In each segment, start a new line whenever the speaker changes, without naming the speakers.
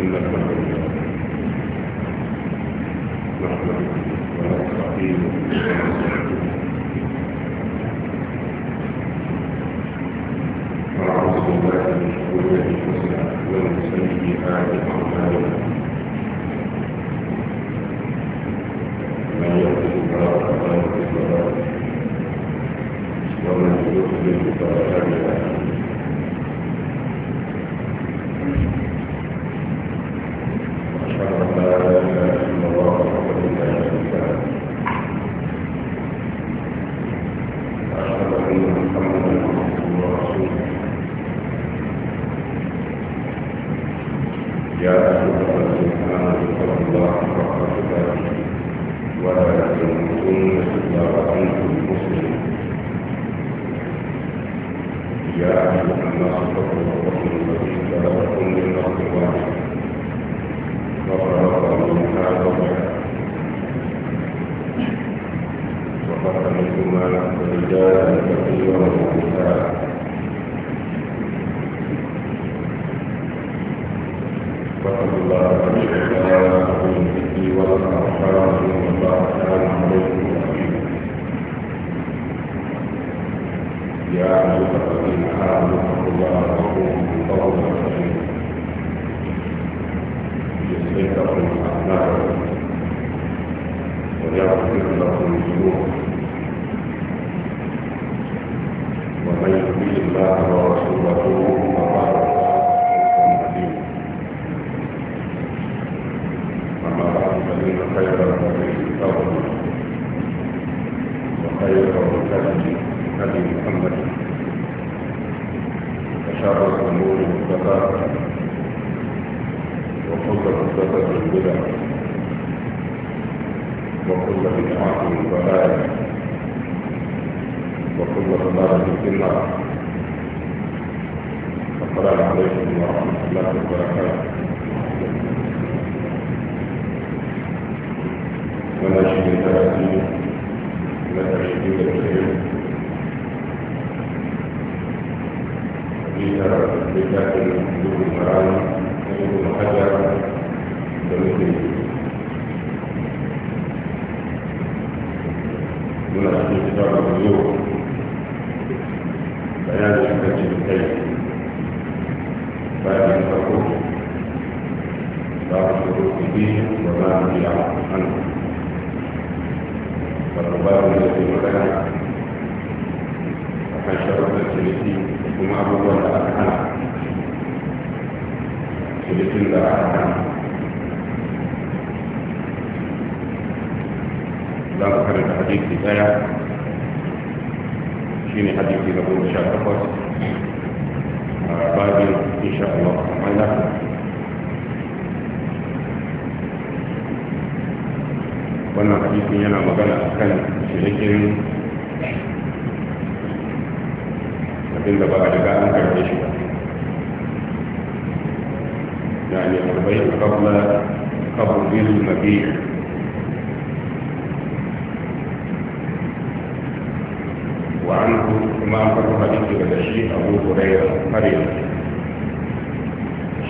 إنك نحمدك ونستعينك ونعوذ بالله من شرور أنفسنا ومن سيئات أعمالنا من يهده الله فلا مضل له ومن يضلل فلا هادي له إلا za ku karanta hadisi daya shi ne hadisi na goma sha takwas a babin insha Allah ta'ala wannan hadisi yana magana a kan shirikin abinda ba a daga an karbe shi ba يعني أربعين قبل قبل المبيع وعنه ما أنفر حديث الشيخ أبو هريرة قريبا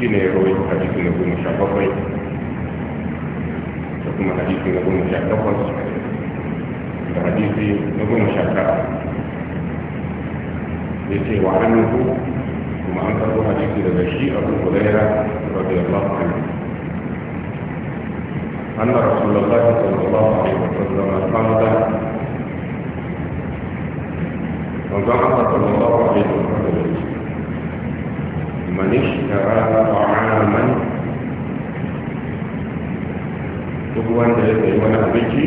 شين يروي حديث نبو مشابقي ثم حديث نبو مشابقي حديث نبو مشابقي يتي وعنه ثم أنفر حديث بدشي أبو هريرة رضي الله عنه أن رسول الله صلى الله عليه وسلم قال وزعم صلى الله عليه وسلم من اشترى طعاما duk wanda ya sayi abinci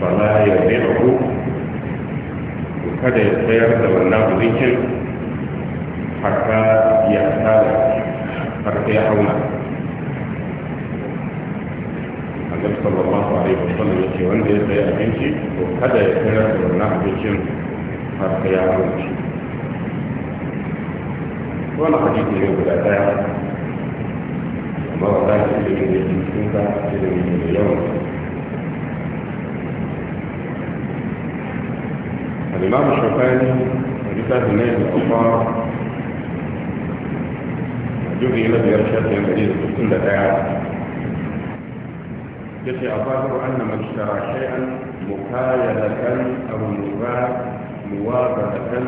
ba ya zai abu kada sayar da wannan abincin haka حتى يا أولا النبي صلى الله عليه وسلم يمشي وان يا يسأل أبنشي وكذا يسأل ورنا أبنشي حتى يا أولا وانا اليوم من بداية ما وضعت في من يجيسكنك إلي من اليوم الإمام الشوكاني في كتاب النيل الأخبار jubi na biyar shafin gari da sukun da daya ya ce a fasiru an na mashtara shay'an mukaya da kan abu mura muwaza da kan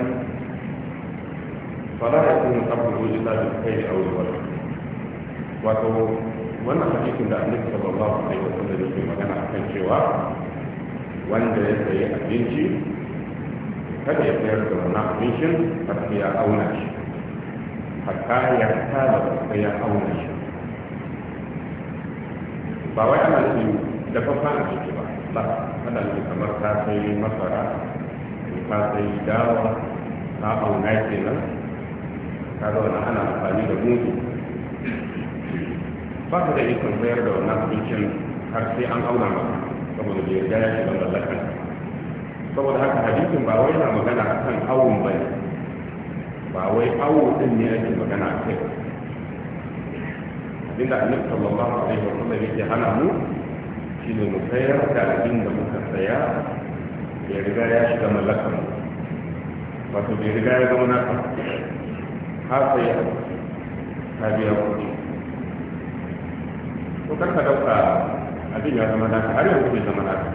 fara ya kuma tabbata wuce ta kai da aure wata wato wannan hakikin da annabi sallallahu alaihi wasallam yake magana akan cewa wanda ya sayi abinci kada ya sayar da wannan abincin har sai ya auna shi hatta ya tara da ya auna shi ba wai ana shi da fafa a ciki ba ba ana shi kamar ta sai masara ta sai dawa ta auna kenan ka ga wannan ana amfani da mutu
ba ka da ikon bayar da wannan abincin har sai an auna maka saboda bai yarda ya shiga mallakar saboda haka hadisin ba wai yana magana kan aure. ba wai awo din ne ake magana a kai
abinda annabi sallallahu alaihi wa sallam yake hana mu shine mu sayar da abin da muka saya ya riga ya shiga mallakar mu wato bai riga ya zama naka ka saya ka biya kuɗi ko kar ka dauka abin ya zama naka har yanzu bai zama naka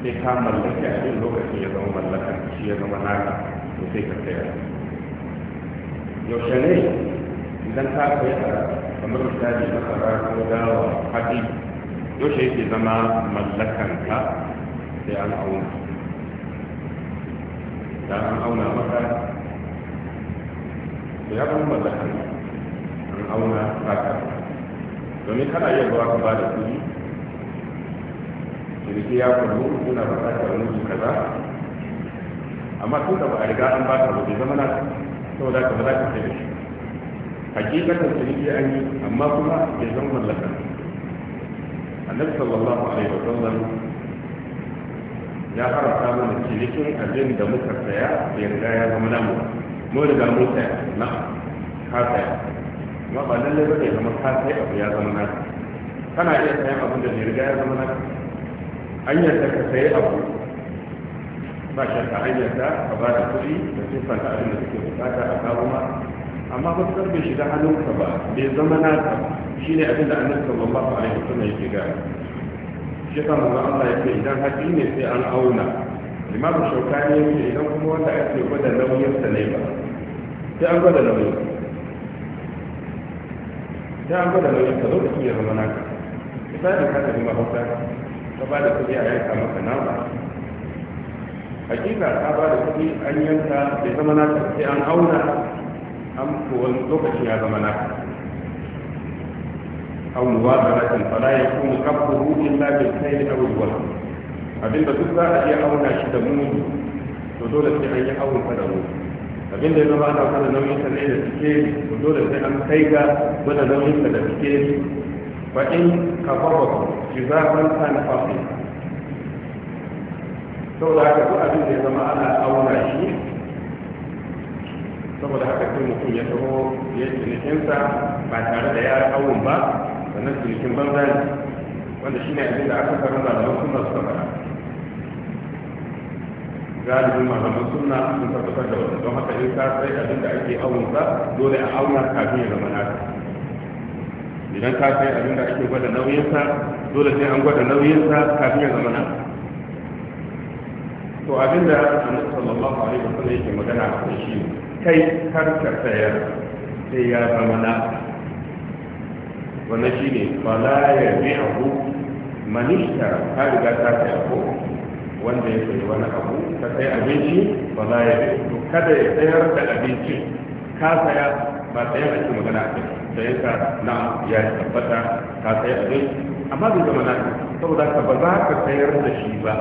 sai ka mallaki abin lokacin ya zama mallakar shi ya zama naka to sai ka sayar yaushe ne
idan ka yi a kamar misali masara ko dawa haɗi yaushe yake
zama mallakan ka sai an auna da an auna maka da ya zama mallakan an auna haka domin kana iya zuwa ka ba da kuɗi ciniki ya kwallo kuna buƙatar wani kaza
amma tun da ba a riga an ba ka ba zama na saboda ka ba za ka sai da shi hakikatan ciniki an yi amma kuma ya zan mallaka annabi sallallahu alaihi wa sallam ya haramta mana cinikin abin da muka saya ya riga ya zama namu mu. riga mun saya na ka saya amma ba lallai ba ne zama ka sai abu ya zama naka kana iya sayan abin da ya riga ya zama naka an yarda ka sayi abu ba shakka ayyata ka ba da kuɗi da sun fanta abin da kake bukata a kawo ma amma ba su shi da hannunka ba bai zama naka shi ne abin da annabi a alaihi wasallam yake ga shi kan manzo Allah yake idan haƙi ne sai an auna limamu shaukani yake idan kuma wanda ake gwada nauyin sa ne ba sai an gwada nauyin sai an gwada nauyin ka lokacin ya zama naka misali ka tafi mahauta ka ba da kuɗi a yanka maka nama hakika ta ba da kuɗi an yanka da zama naka sai an auna an kowane lokaci ya zama naka aw muwazaratin fala yakunu qabruhu illa bil khayl aw al abubuwa abinda duk za a iya auna shi da mu to dole sai an yi auna da mu abinda ya zama ana kada nauyin sa ne da suke to dole sai an kai ga gwada nauyin sa da suke fa in kafafa za sa
na fafi saboda haka duk abin da ya zama ana auna shi saboda haka sai mutum ya taho ya cinikinsa
ba tare da ya awon ba sannan cinikin banza ne wanda shi ne abin da aka karu malaman suna suka fara galibin malaman suna sun tabbatar da wani don haka in ka sai abin da ake awon ba dole a auna kafin ya zama naka idan ka sai abin da ake gwada nauyinsa dole sai an gwada nauyinsa kafin ya zama naka to abin da annabi sallallahu alaihi wasallam yake magana a kan shi kai kar ka sayar sai ya zama na wannan shine fa la yabi'u man ishtara ka riga ta sayar ko wanda ya sayi wani abu ka sai abinci ba za ya to kada ya sayar da abinci, ka saya ba sayar da shi magana a kai sayan ka na ya tabbata ka sayar abinci amma bai zama na saboda ka ba za ka sayar da shi ba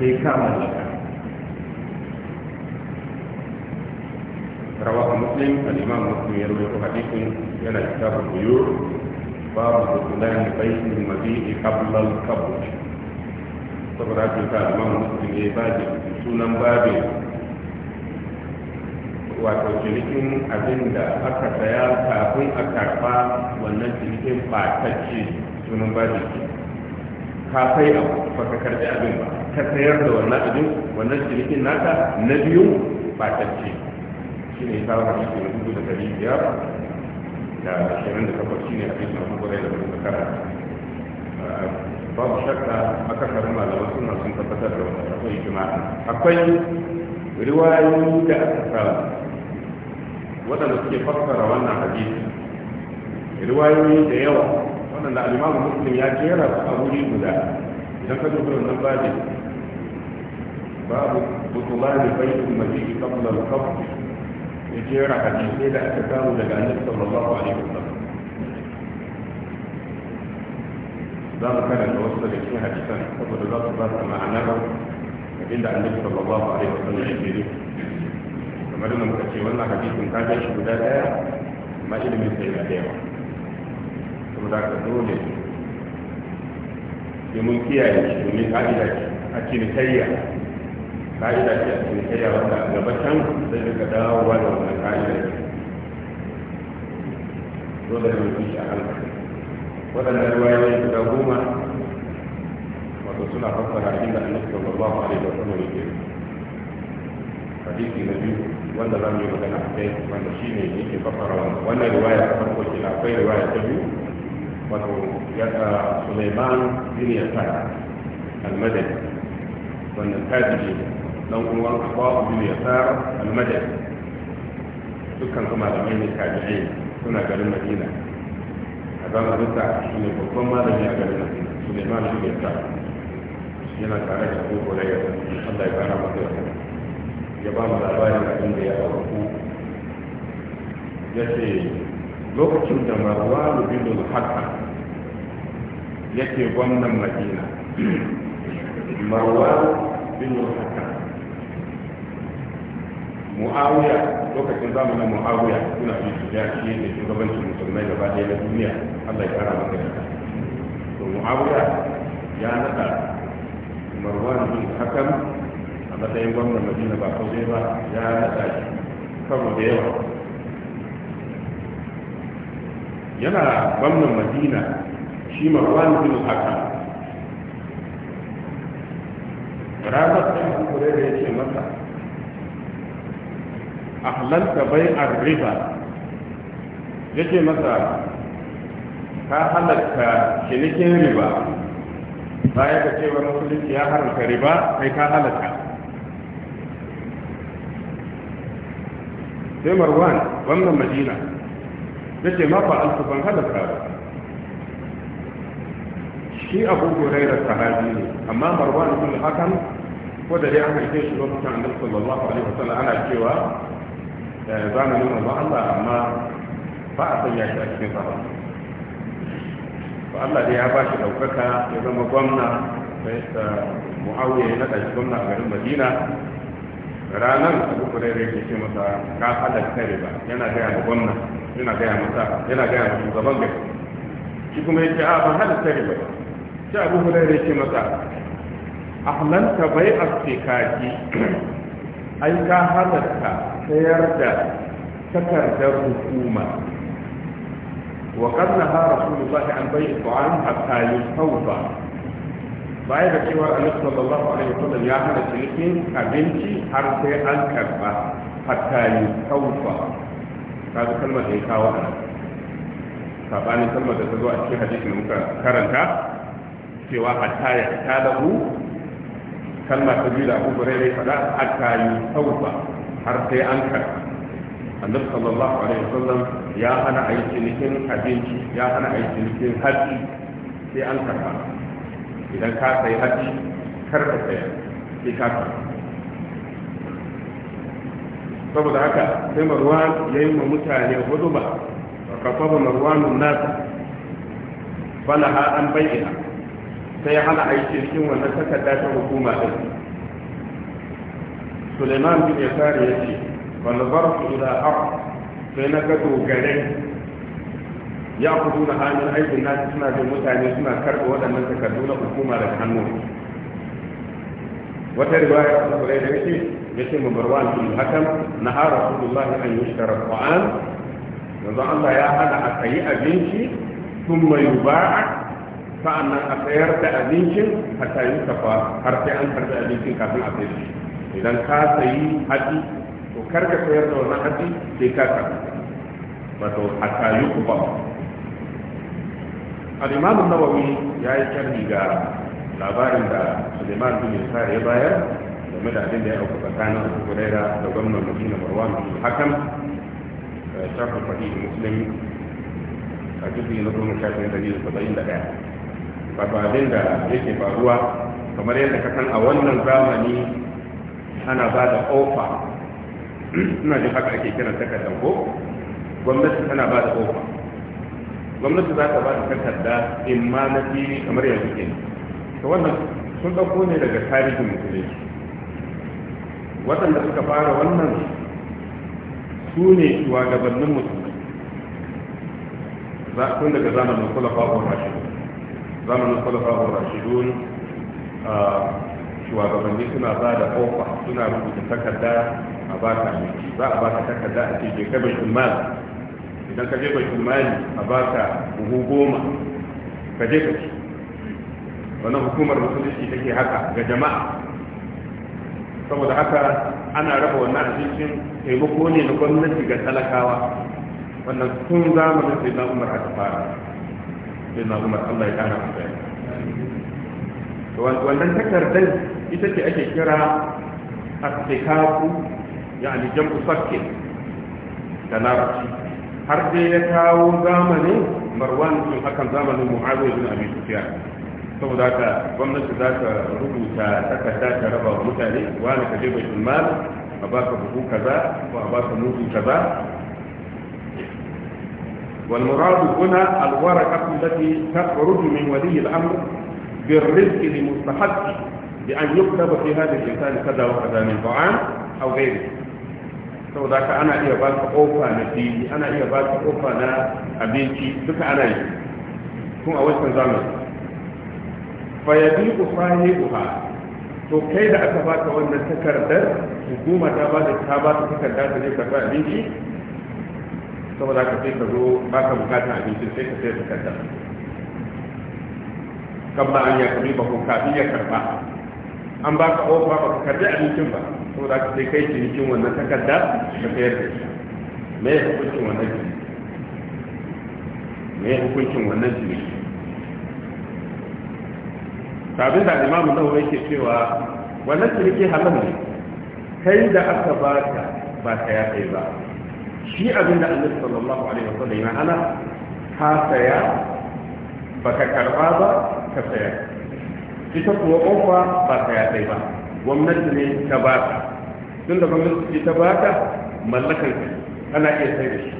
sai ka mallaka
rawaha muslim al-imam muslim ya rawaito hadisin yana kitabul buyur babu dukulan baitul mabi'i qabla al-qabr saboda haka ta al-imam muslim ya bada sunan babin
wato cinikin abin da aka saya kafin a wannan sunan abu ba ka karbi abin ba ka sayar da wannan abin wannan cinikin naka na
biyu fatacce shi ne kawo hadisi na dubu da dari biyar da shirin da kafa shi ne hadisi na dubu da dubu kara ah, babu shakka aka karu malaman suna sun tabbatar da wata akwai jima'a akwai
riwayoyi da aka kara waɗanda
suke fassara wannan hadisi
riwayoyi da yawa waɗanda alimamu muslim ya jera su a wuri guda idan ka dubu wannan babu babu butulani baitul masjid qabla kamar kafin ya a cikin da aka samu daga annabi sallallahu alaihi
wasallam za mu da wasu daga cikin hadisan saboda za su ba su ma'anar inda annabi sallallahu alaihi wasallam ya jere kamar da muka ce wannan hadisin ka ga shi guda daya amma ilimin sai yana
da yawa saboda ka dole sai mun kiyaye shi domin ka'ida ce a cinikayya ka'ida ce a cikin kai wanda a gaba can sai daga dawowa da wannan ka'ida ce
dole ne mutum shi a hankali waɗannan ruwayoyi guda goma wato suna fassara inda annabi sallallahu alaihi wa sallam yake hadisi na biyu wanda za mu yi magana a kai wanda shi ne yake fassara wannan wannan riwaya ta farko na akwai riwaya ta biyu wato ya ta Sulaiman bin Yasar
al-Madani wannan tabi'i dan uwan abu bin yasar al-madani dukkan su malamai ne tabi'ai suna garin
madina a zama duka shi ne babban malami a garin madina su ne suleiman ne ta yana tare da kore ya zai Allah ya kara masa yarda ya ba mu labari abin inda ya auku ya ce lokacin
da maruwa bin al-hakam yake gwamnan madina
maruwa bin al-hakam muawiya lokacin zamanin muawiya suna bi su ya shi ne shugabancin musulmai gaba ɗaya na duniya allah ya kara maka to muawiya ya nada marwan bin hakam a matsayin gwamnan madina ba dai ba ya nada shi karo da yawa
yana gwamnan madina shi marwan bin hakam ranar da ya ce masa ahlalta bai'ar riba yake masa ka halarta cinikin riba baya ga cewa musulunci ya haramta riba kai ka halarta sai marwan gwamnan madina yake mafa alku ban halarta ba shi abu hurairar sahabi ne amma marwan sun hakan ko da dai an haife shi lokacin annabi sallallahu alaihi wasallam ana cewa zamanin manzon Allah amma ba a sanya shi a cikin sahaba ba Allah dai ya ba shi ɗaukaka ya zama gwamna sai ta eh, mu'awiya ya naɗa shi gwamna a garin Madina ranar abu kurere ke ce masa ka halatta ba yana gaya ma gwamna yana gaya masa yana gaya ma shugaban gari shi kuma ya ce a ban halatta riba shi abu kurere ke masa ahlanta bai a kaji ai ka halatta sayar da takardar hukuma wa kanna ha rasulullahi an bai ta'am hatta yusawba baya da cewa annabi sallallahu alaihi wasallam ya hana cinikin abinci har sai an karba hatta yusawba kaga kalmar da ya kawo a sabanin kalmar da ta zo a cikin hadisi da muka karanta cewa hatta ya ta lahu kalma ta biyu da abu burairai faɗa hatta yusawba har sai an karɓa annabi sallallahu alaihi wasallam ya hana a yi cinikin abinci ya hana a cikin cinikin sai an karɓa idan ka sai hatsi kar ka saya sai ka karɓa saboda haka sai marwan ya yi ma mutane hudu ba kafafa marwanun nasa bana ha an bayyana sai hana a cikin wannan takarda ta hukuma ɗin suleiman bin yasar ya ce balbarku ila har sai na gado dogare ya kudu na hannun aikin na suna da mutane suna karɓa waɗannan takardu na hukuma daga hannu wata riwaya ta kurai da yake ya ce mabarwan bin hakan na har rasulullah an yi shara qur'an yanzu Allah ya hana a sayi abinci sun mai sa'an sa'annan a sayar da abincin a kafa har sai an karɓi abincin kafin a sayar da shi idan ka sayi haji, to kar ka sayar da wannan haji, sai ka karɓi wato a kayu ku ba al-imam nawawi ya yi sharhi ga labarin da suleiman bin yasar ya bayar game da abin da ya auku tsakanin abu huraira da gwamnan madina marwan bin hakan shafi fahimtar muslim a jirgin na goma sha da biyu saba'in da ɗaya wato abin da yake faruwa kamar yadda ka san a wannan zamani ana ba da ofa ina jin haka ake kiran takardar ko gwamnati tana ba da ofa gwamnati za ta ba da takarda in ma na fili kamar yanzu ke to wannan sun ɗauko ne daga tarihin musulunci waɗanda suka fara wannan su ne shugabannin musulmi tun daga zamanin kula kulafa rashidu zamanin kula kulafa rashidun ah, shugabanni suna ba da kofa suna rubuta takarda a baka abinci za a baka takarda a ce je ka bai imani idan ka je bai imani a baka buhu goma ka je ka ci wannan hukumar musulunci take haka ga jama'a saboda haka ana raba wannan abincin taimako ne na gwamnati ga talakawa wannan tun zamanin sai na umar aka fara sai na umar allah ya kana masa wannan takardar ita ce ake kira astikaku yani jam'u sakke da larabci har dai ya kawo zamanin marwan din akan zamanin mu'awiya bin abi sufyan saboda haka gwamnati za ta rubuta takarda ta raba wa mutane wani ka je bai mal a ba ka buhu kaza ko a ba ka mutu kaza والمراد هنا الورقة التي تخرج من ولي الأمر بالرزق لمستحقه bi an yuktaba fi hadha al-insani kaza wa kaza min ta'am aw ghayri saboda ka ana iya ba ka kofa na fili ana iya ba ka kofa na abinci duka ana yi kun a wancan zamani fa yabiqu sahibuha to kai da aka ba ka wannan takardar hukuma ta ba da ta ba ta takarda ta ne ka ba abinci saboda ka sai ka zo ba ka bukatar abinci sai ka sai takarda kabla an ya kabi ba ku kafin ya karba an ba ka ofa ba ka karbi abincin ba saboda ka sai kai cinikin wannan takarda ka sayar da shi me ya hukuncin wannan ciniki me ya hukuncin wannan ciniki sabin da imamu nawa ke cewa wannan ciniki halal ne kai da aka ba ka ba ka ya kai ba shi abin da annabi sallallahu alaihi wasallam ya hana ka saya baka karba ba ka saya ita kuma ƙofa ba ta ya ba gwamnati ne ta ba ta tun da gwamnati ce ta ba ta mallakar ana iya sai da shi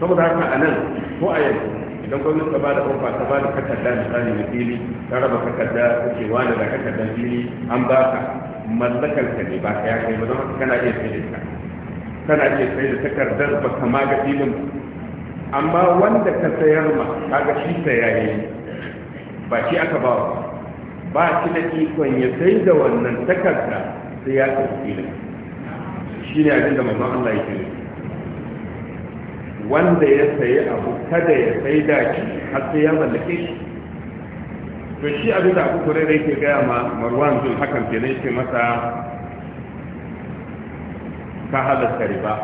saboda haka a nan ko a yanzu idan gwamnati ta ba da ƙofa, ta ba da takarda misali na fili ta raba takarda ta ce wani da takardar fili an ba ka mallakar ka ne ba ka ya kai ba don haka kana iya sai da ita kana iya sai da takardar ba ka ma ga filin amma wanda ka sayar ma kaga shi sayaye ba shi aka ba wa ba shi da ikon ya sai da wannan takarda sai ya ɗauki da shi ne abinda mamman Allah ya kiri wanda ya sayi abu kada ya sai da shi har sai ya mallake shi to shi abinda abu kure da ke gaya ma marwan zul hakan ke ne yake masa ka halatta riba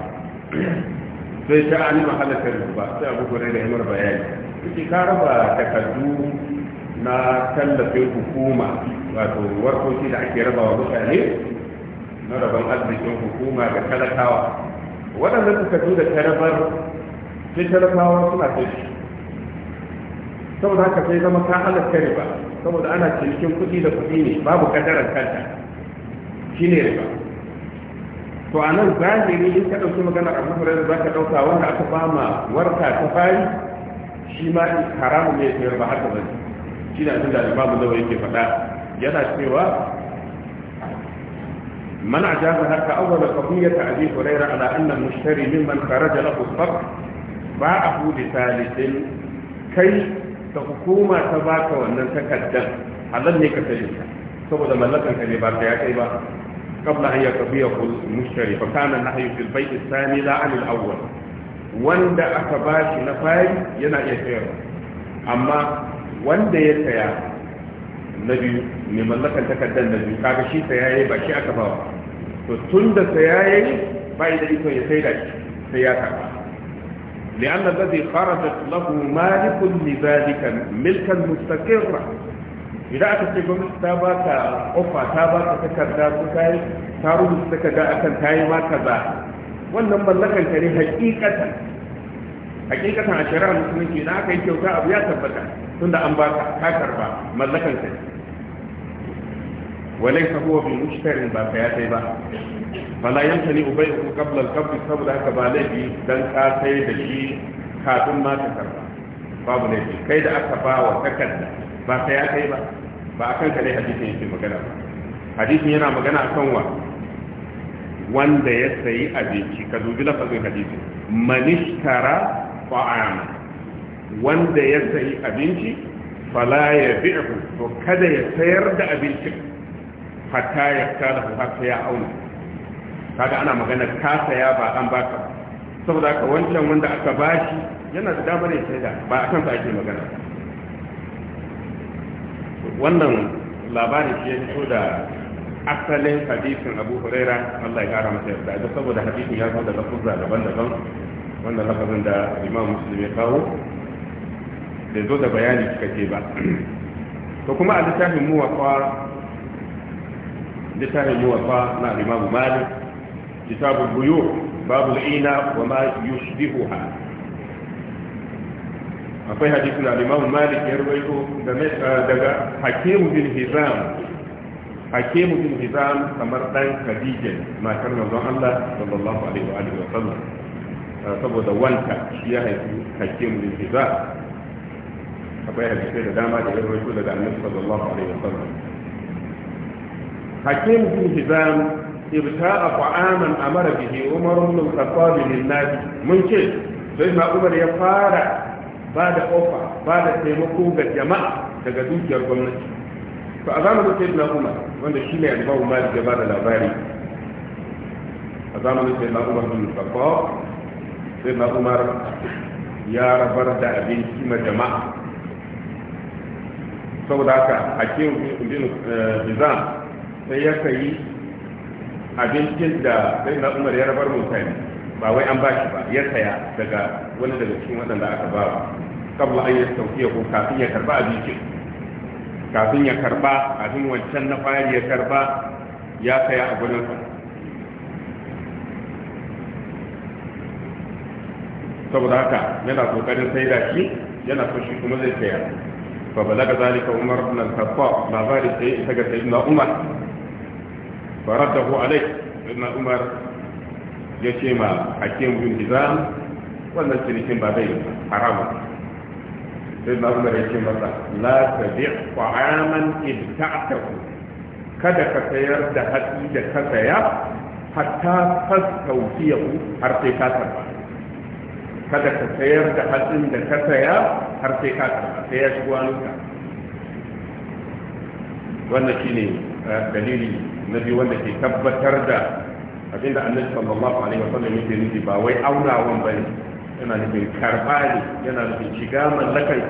sai sha'ani ma halatta riba sai abu kure da himar bayani ka raba takardu na tallafin hukuma wato warkoci da ake rabawa mutane na rabon arzikin hukuma ga talakawa waɗannan takardu da tarabar sai talakawa suna kai shi saboda haka sai zama ka halatta riba saboda ana cinikin kuɗi da kuɗi ne babu kadarar kanta shi ne riba to a nan zahiri in ka ɗauki magana a mafarar za ka ɗauka wanda aka ba ma warka ta fari shi ma haramun ne ta riba haka bane shi ne abin da imamu zawa yake faɗa yana cewa man ajaza haka awwala qadiyata abi hurayra ala anna mushtari mimman kharaja lahu sabr ba'ahu li thalithin kai ta hukuma ta baka wannan takaddan halal ne ka sani saboda mallakan ka ne ba ka ya kai ba قبل أن يقضيه المشتري فكان النهي في البيت الثاني لا عن wanda aka ba shi na fayil yana iya sayarwa amma wanda ya saya na biyu mai mallakan takardar na biyu kaga shi saya yayi ba shi aka bawa to tun da saya yayi bai da iko ya sai da shi sai ya karba لأن الذي خرجت له مالك لذلك ملكا مستقرا idan aka ce gwamnati ta ba ka ofa ta ba ka takarda ko ta rubuta takarda akan ta yi ma wannan mallakan ka ne a musulunci na aka yi kyauta abu ya tabbata tunda an ba ka ka karba mallakan ka walai ka huwa bil mushtarin ba ka ya sai ba fala yamtani ubayku qabla al qabd saboda haka ba laifi dan ka sai da shi kafin ma ka karba babu laifi kai da aka ba wa takarda ba ka ya kai ba ba akan ka ne hadisin yake magana ba hadisin yana magana akan wa wanda ya sayi abinci ka dubi lafazin hadisin manishtara fa'ama wanda ya sayi abinci fala ya bi'ahu to kada ya sayar da abinci, hatta ya kada haka ya auna kaga ana magana ka saya ba an baka saboda ka wancan wanda aka bashi yana da damar ya sayar ba a kansa ake magana wannan labari shi ya fito da asalin hadisin abu huraira allah ya kara masa yarda da saboda hadisin ya zo da kuzza daban-daban wannan lafazin da imam muslim ya kawo bai zo da bayani ce ba to kuma a littafin muwafa littafin wafa na imamu malik kitabun buyu babu ina wa ma ha. akwai hadisi na imamu malik ya rubaito eh, daga hakimu bin hizam hakimu bin hizam kamar dan khadija matar manzon Allah sallallahu alaihi wa wa sallam eh, saboda wanta shi ya haifi hakimu bin hizam akwai hadisai da dama da ya rawaito daga annabi sallallahu alaihi wasallam hakim bin hizam ibta'a ta'aman amara bihi umar ibn al-khattab lin-nas mun ce sai ma umar ya fara ba da ofa ba da taimako ga jama'a daga dukiyar gwamnati to a zamanin sayyidina umar wanda shi ne al-bawu malik ya ba da labari a zamanin sayyidina umar bin al-khattab sayyidina umar ya rabar da abinci ma jama'a saboda haka hakim bin eh, hizam sai ya kai abincin da sai na umar ya rabar mutane ba wai an bashi ba ya saya daga wani daga cikin waɗanda aka ba kabla an yi sauki ko kafin ya karba abincin kafin ya karba abin wancan na fari ya karba ya saya a gudunsa saboda haka yana kokarin sai da shi yana so shi kuma zai saya fa balaga zalika umar ibn al-khattab labari sai ita ga sayyidina umar faradahu alai sayyidina umar ya ce ma hakim bin hizam wannan cinikin ba zai haramu sayyidina umar ya ce masa la tabi' ta'aman ibta'tahu kada ka sayar da hatsi da ka saya hatta tastawfiyahu har sai ka kada ka sayar da hatsin da ka saya har sai ka sai ya shigo hannunka wannan shine eh, dalili na biyu wanda ke tabbatar da abinda annabi sallallahu alaihi sallam yake nufi ba wai aunawan bane yana nufin karba ne yana nufin shiga mallakan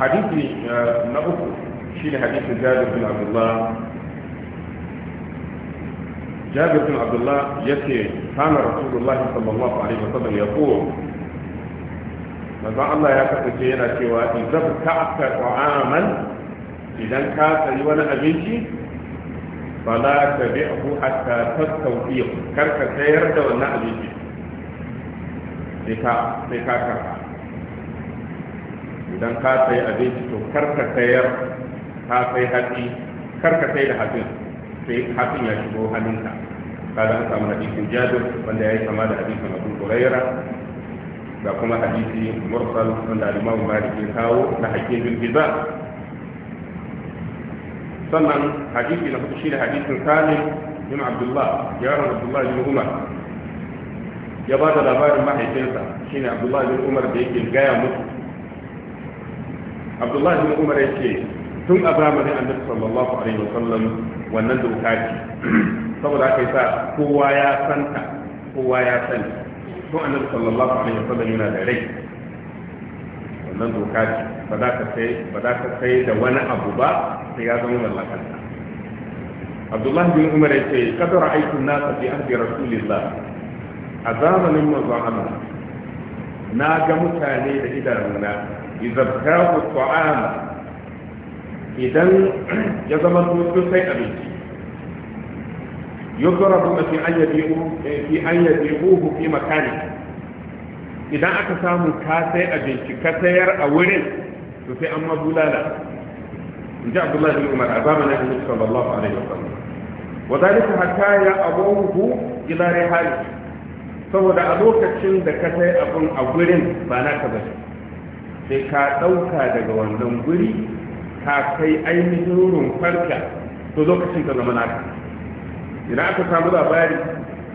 hadisi eh, na uku shine hadisin jabir bin abdullah jabir bin abdullah yace kana rasulullahi sallallahu alaihi wasallam yaqul manzo Allah ya kasance yana cewa idan ta'aka ta'aman idan ka sayi wani abinci fala tabi'hu hatta tastawfiq kar ka sayar da wannan abinci sai ka sai idan ka sayi abinci to kar ka sayar sai hatsi kar ka da sai ya shigo hannunka kada an samu hadisin jabir wanda ya yi sama da hadisin abu huraira da kuma hadisi mursal wanda al-imam malik ya kawo na hakimin biza sannan hadisi na hudu shine hadisin salim bin abdullah yaron abdullah bin umar ya ba da labarin mahaifinsa ne abdullah bin umar da yake gaya musu abdullah bin umar ya ce tun a zamanin annabi sallallahu alaihi wasallam wannan doka ce saboda aka yi sa kowa ya santa kowa ya sani tun annabi sallallahu alaihi wasallam yana da rai wannan doka ce ba za ka sai ba za ka sai da wani abu ba sai ya zama mallakan Abdullahi bin Umar ya ce kadar aikin nasa fi ahdi rasulillah a zamanin manzon na ga mutane da idanuna izabtahu ta'ama idan ya zama sun sai abinci yuzrabuna fi an yabi'u fi an yabi'uhu fi makani idan aka samu ka sai abinci ka sayar a wurin to sai an mabulala
in ji abdullahi bin umar a zamanin annabi sallallahu alaihi wasallam
wa zalika hatta ya abuhu ila rihali saboda a lokacin da ka sai abun a wurin ba na ka bane sai ka dauka daga wannan guri ka kai ainihin rumfarka to lokacin ka zama naka Ina aka samu labari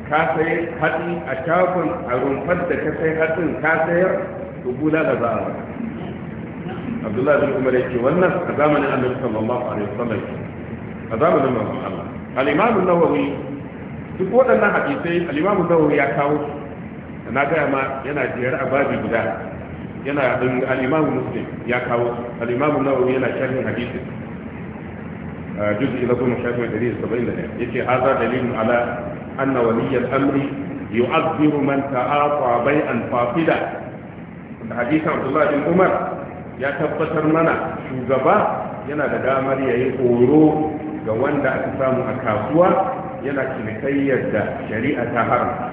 ka sai hatsi a shagon a rumfar da ka sai hatsin ka sayar to gula da za a abdullahi bin umar yake wannan a zamanin annabi sallallahu alaihi wasallam a zamanin manzon Allah al-imam an-nawawi duk waɗannan hadisai al-imam an-nawawi ya kawo na gaya ma yana jiyar a babi guda yana al-imam muslim ya kawo al-imam an-nawawi yana sharhin hadisi juz'i na goma shafi ɗari da saba'in da ɗaya yace haza dalilin ala anna waliyyal amri yu'azziru man ta'ata bai'an fafida da hadisin Abdullah bin Umar ya tabbatar mana shugaba yana da damar yayi horo ga wanda aka samu a kasuwa yana cinikayyar da shari'a ta haramta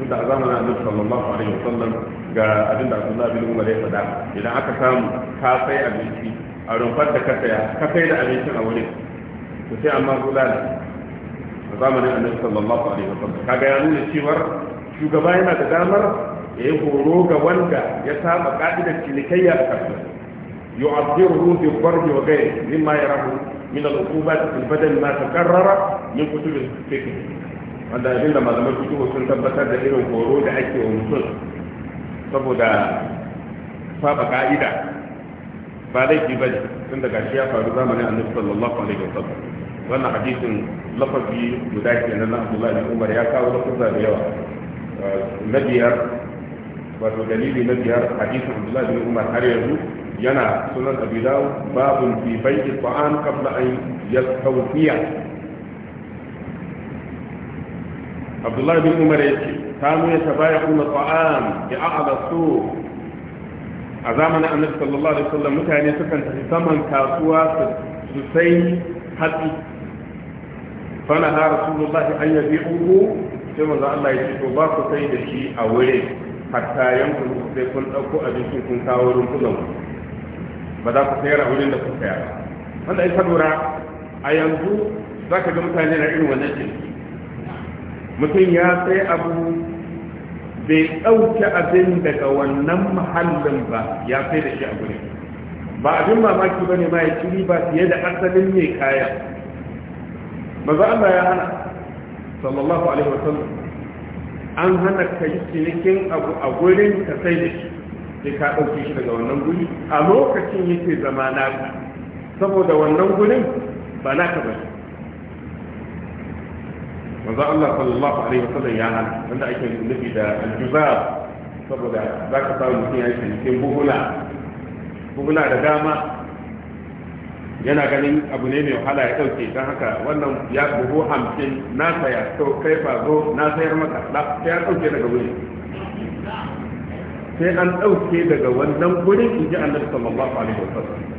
tunda a zamanin annabi sallallahu alaihi wasallam ga abin da Abdullah bin Umar ya faɗa idan aka samu ka sai abinci a rumfar da ka saya ka da abincin a wurin to sai amma bulala a zamanin annabi sallallahu alaihi wasallam kaga ya nuna cewar shugaba yana da damar ya yi horo ga wanda ya saba ka'idar cinikayya a kasuwa wa ghayri mimma yarahu min al-uqubat العقوبات badal ma takarrara min kutub al الفقه wanda abin da malamai fito sun tabbatar da irin horo da ake wa mutum saboda saba ka'ida ba laifi ba ne tun daga shi ya faru zamanin annabi sallallahu alaihi wasallam wannan hadisin lafafi guda ke nan na Abdullahi bin Umar ya kawo lafazza da yawa uh, na biyar wato dalili na biyar hadisin Abdullahi bin Umar har yanzu yana sunan Abi Dawud babun fi bai'i ta'am qabla an yastawfiya Abdullahi bin Umar yace kanu yatabaya'una ta'am bi a'la suq a zamanin annabi sallallahu alaihi wasallam mutane sukan tafi saman kasuwa su sai hatsi fana ha rasulullahi an yabi uhu sai manzo Allah ya ce to ba ku sai da shi a wurin hatta yanku sai kun dauko abincin kun kawo rumfunan ba za ku sayar a wurin da ku saya wanda ai lura a yanzu za ka ga mutane na irin wannan ciniki mutum ya sai abu bai ɗauke abin daga wannan muhallin ba ya fi da shi a gurin ba abin mamaki ba ne ma ya ci ba fiye da asalin mai kaya Ba za Allah ya hana sallallahu alaihi wasallam an hana ka yi cinikin abu a gurin ka sai da shi sai ka ɗauki shi daga wannan guri a lokacin yake zama naka saboda wannan gurin ba naka ba ne manzo Allah sallallahu alaihi wasallam ya hana wanda ake nufi da aljuzab saboda za ka samu mutum ya yi cikin buhula buhula da dama yana ganin abu ne mai wahala ya ɗauke don haka wannan ya buhu hamsin na saya to kai fa na sayar maka sai ya ɗauke daga wuri sai an ɗauke daga wannan wurin in ji annabi sallallahu alaihi wasallam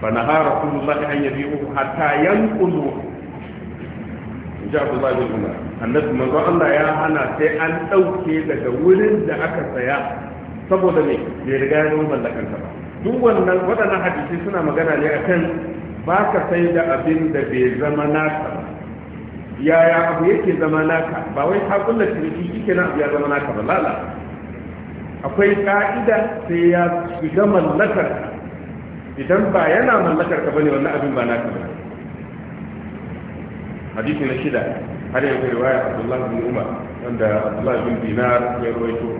fa naha rasulullahi an yabi'u hatta yanqulu ja Abdullah bin Umar annabi manzo Allah ya hana sai an ɗauke daga wurin da aka saya saboda me bai riga ya zama mallakan ba duk waɗannan hadisi suna magana ne akan ba ka sai da abin da bai zama naka ba yaya abu yake zama ba wai ka kulla ciniki shike ba akwai ƙa'ida sai ya shiga mallakar idan ba yana mallakar ka bane wannan abin ba na naka bane hadisi na shida har yanzu riwaya Abdullah bin Umar wanda Abdullah bin Dinar ya rawaito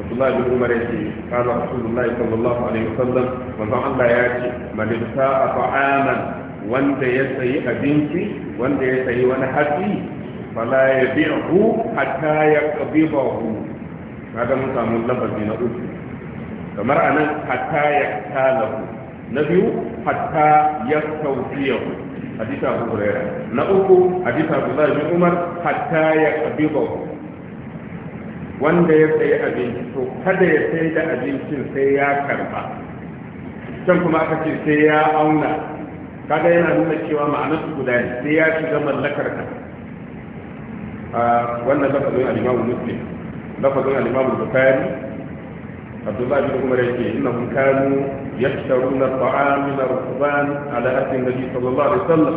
Abdullah bin Umar ya ce qala Rasulullahi sallallahu alaihi wasallam manzon Allah ya ce man sa'a ta'aman wanda ya sayi abinci wanda ya sayi wani hatsi fala yabi'hu hatta yaqbidahu kaga mun samu lafazi na uku kamar anan hatta ya talahu na biyu hatta ya tawfiyahu hadisa abu huraira na uku hadisa abu zai umar hatta ya qabidahu wanda ya sayi abinci to kada ya sai da abincin sai ya karba can kuma aka ce sai ya auna kada yana nuna cewa ma'anar su guda ne sai ya shiga mallakar ka ah, wannan lafazin al-imamu muslim lafazin al-imamu abdullahi bin umar yake innahum kanu yashtaruna at-ta'ama min ar-rukban ala ahdi nabi sallallahu alaihi wasallam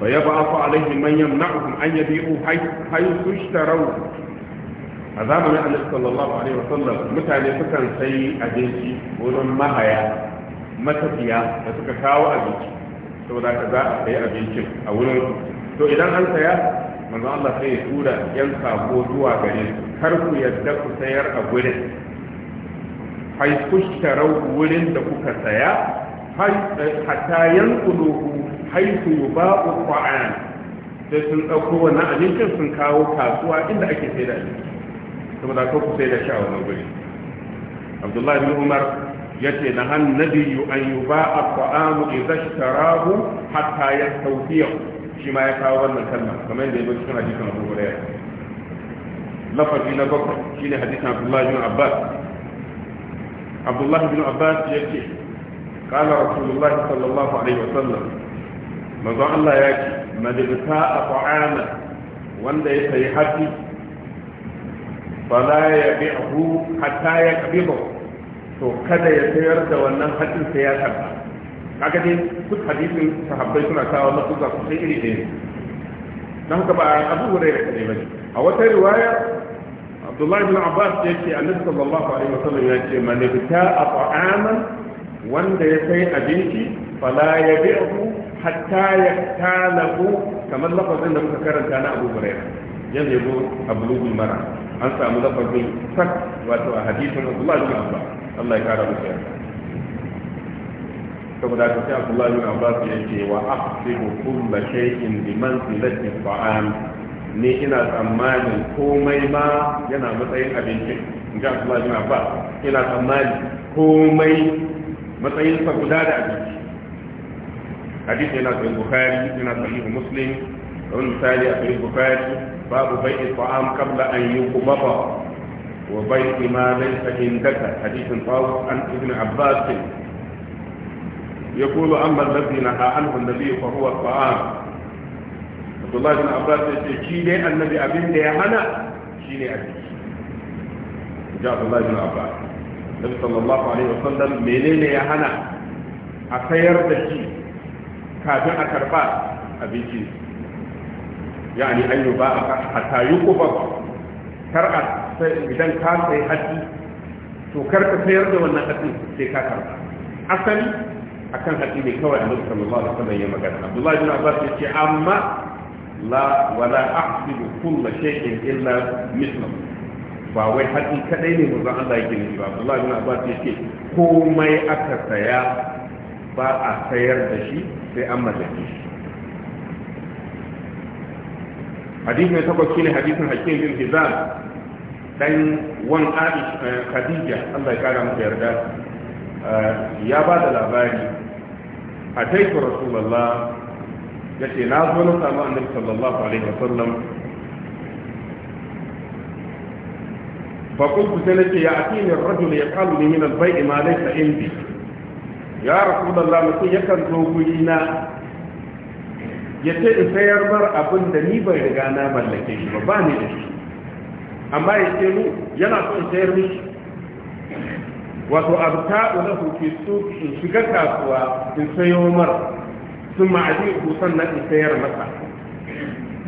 fa yab'athu alaihim man yamna'uhum an yabi'u haythu ishtaraw a zamanin annabi sallallahu alaihi wasallam mutane sukan sai abinci wurin mahaya matafiya da suka kawo abinci saboda ka za a sayi abincin a wurin to idan an saya manzo Allah sai ya tura yan sako zuwa gare su kar ku yadda ku sayar a gurin haikushtarau wurin da kuka saya eh, hatta yankuluhu haiku yuba'u ta'am sai sun ɗauko wannan abincin sun kawo kasuwa inda ake sai da abinci saboda ko ku sai da sha wannan guri abdullahi bin umar ya ce na han nabiyyu an yuba'a ta'am idza ishtarahu hatta yastawfiyahu shi ma ya kawo wannan kalma kamar yadda ya yake cikin hadisin Abu Hurairah Lafafi na bakwai ne hadisan Abdullahi bin Abbas abdullahi bin abbas ya ce kala rasulullahi sallallahu alaihi wasallam manzon allah ya ce madalisa a ta'ama wanda ya sayi hafi fala ya bi'ahu hatta ya qabidu to kada ya sayar da wannan hatin ya karba duk hadisin sahabbai suna kawo masu zasu sai iri ɗaya don haka ba abu hurairah kadai ba. a wata riwayar abdullahi bin abbas ya ce annabi sallallahu alaihi wasallam ya ce man ibta'a ta'aman wanda ya sai abinci fala yabi'u hatta yaktalahu kamar lafazin da muka karanta na Abu Hurairah yanzu yabo ablugul mara an samu lafazin sak wato a hadisin Abdullah bin Abbas Allah ya kara musu saboda haka sai Abdullah bin Abbas ya ce wa ahsibu kullu shay'in bi manzilati ta'am ne ina tsammanin komai ma yana matsayin abincin in ji Allah bin Abbas ina tsammanin komai matsayin sa guda da abinci hadisi yana sahih Bukhari yana sahih Muslim don misali a sahih Bukhari babu bai'i ta'am qabla an yuqbata wa bai'i ma laysa indaka hadisin Tawus an Ibn Abbas يقول أما الذي نهى عنه النبي فهو الطعام abdullahi bin abbas ya ce shi dai annabi abin da ya hana shi ne abinci ji abdullahi bin abbas nabi sallallahu alaihi wasallam menene ya hana a sayar da shi kafin a karba abinci yani an yi ba a hatta yi kuba kar a idan ka sai haji to kar ka sayar da wannan hatsi sai ka karba asali akan hatsi ne kawai annabi sallallahu alaihi wa sallam ya magana abdullahi bin abbas ya ce amma la wala ahsibu kulla shay'in illa mithlahu ba wai haƙi kadai ne manzon Allah yake nufi ba Abdullah ibn Abbas yake komai aka saya ba a sayar da shi sai an mallake shi hadisi na takwas shine hadisin hakim bin hizam dan wan Aisha eh, Khadija Allah ya kara mata yarda eh, ya ba da labari ataitu rasulullah ya ce na zo na samu annabi sallallahu alaihi wasallam fa kuntu sai nace ya atini ar-rajul yaqalu li min al-bay'i ma laysa indi ya rasulullah mutum yakan zo guri na ya ce in sayar mar abin da ni bai riga na mallake shi ba ba ni da shi amma ya ce yana in sayar wato abta'u lahu in shiga kasuwa in sayo mar sun ma'adi ku sannan in sayar masa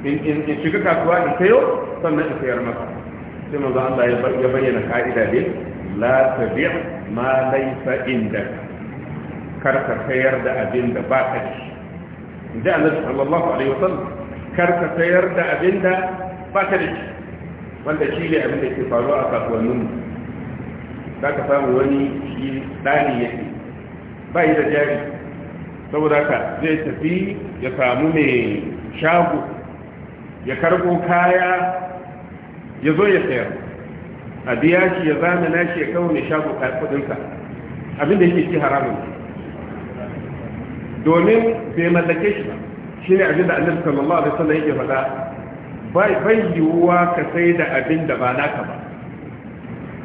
in shiga kasuwa in sayo sannan in sayar masa sai manzo Allah ya bayyana ka'ida ne la tabi' ma laysa indaka kar ka sayar da abin da ba ka da shi inda annabi sallallahu alaihi wasallam kar ka sayar da abin da ba ka da shi wanda shi ne abin da ke faruwa a kasuwannin mu za ka samu wani shi ɗani yake ba yi da jari saboda ka zai tafi ya samu mai shago ya karbo kaya ya zo ya sayar a biya shi ya zamana shi ya kawo mai shago kudinsa abin da yake ci haramun domin bai mallake shi ba shi ne abin da annabi sallallahu alaihi wasallam yake faɗa bai yiwuwa ka sai da abin da ba naka ba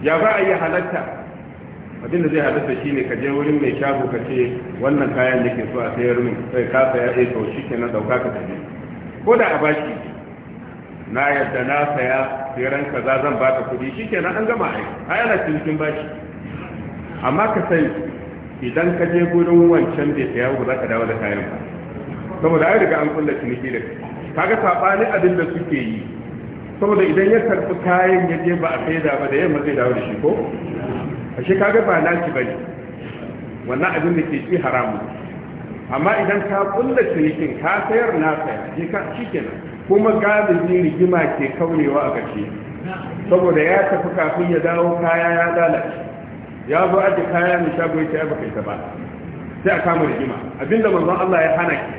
ya ba a yi halatta abin da zai halitta shi ne ka je wurin mai shago ka ce wannan kayan da ke so a sayar min sai ka saya a eh, to shi ke na dauka ka tafi ko da a baki na yadda na saya tseren kaza zan baka kuɗi shi ke an gama aiki a yana cikin bashi amma ka sai idan ka je gurin wancan bai saya ba za ka dawo da kayan ba saboda ai riga an kulla ciniki da kaga sabani abin da suke yi saboda idan ya karɓi kayan ya je ba a da ba da yamma zai dawo da shi ko ashe kaga ba naci bane wannan abin da ke ci haramu amma idan ka kulla cinikin ka sayar na saya shi ka shikenan kuma rigima ke kaurewa a gashi saboda ya tafi kafin ya dawo kaya ya lalace ya zo aje kaya mai shago ya ce ba kai ta ba sai a kama rigima abinda manzon Allah ya hana ki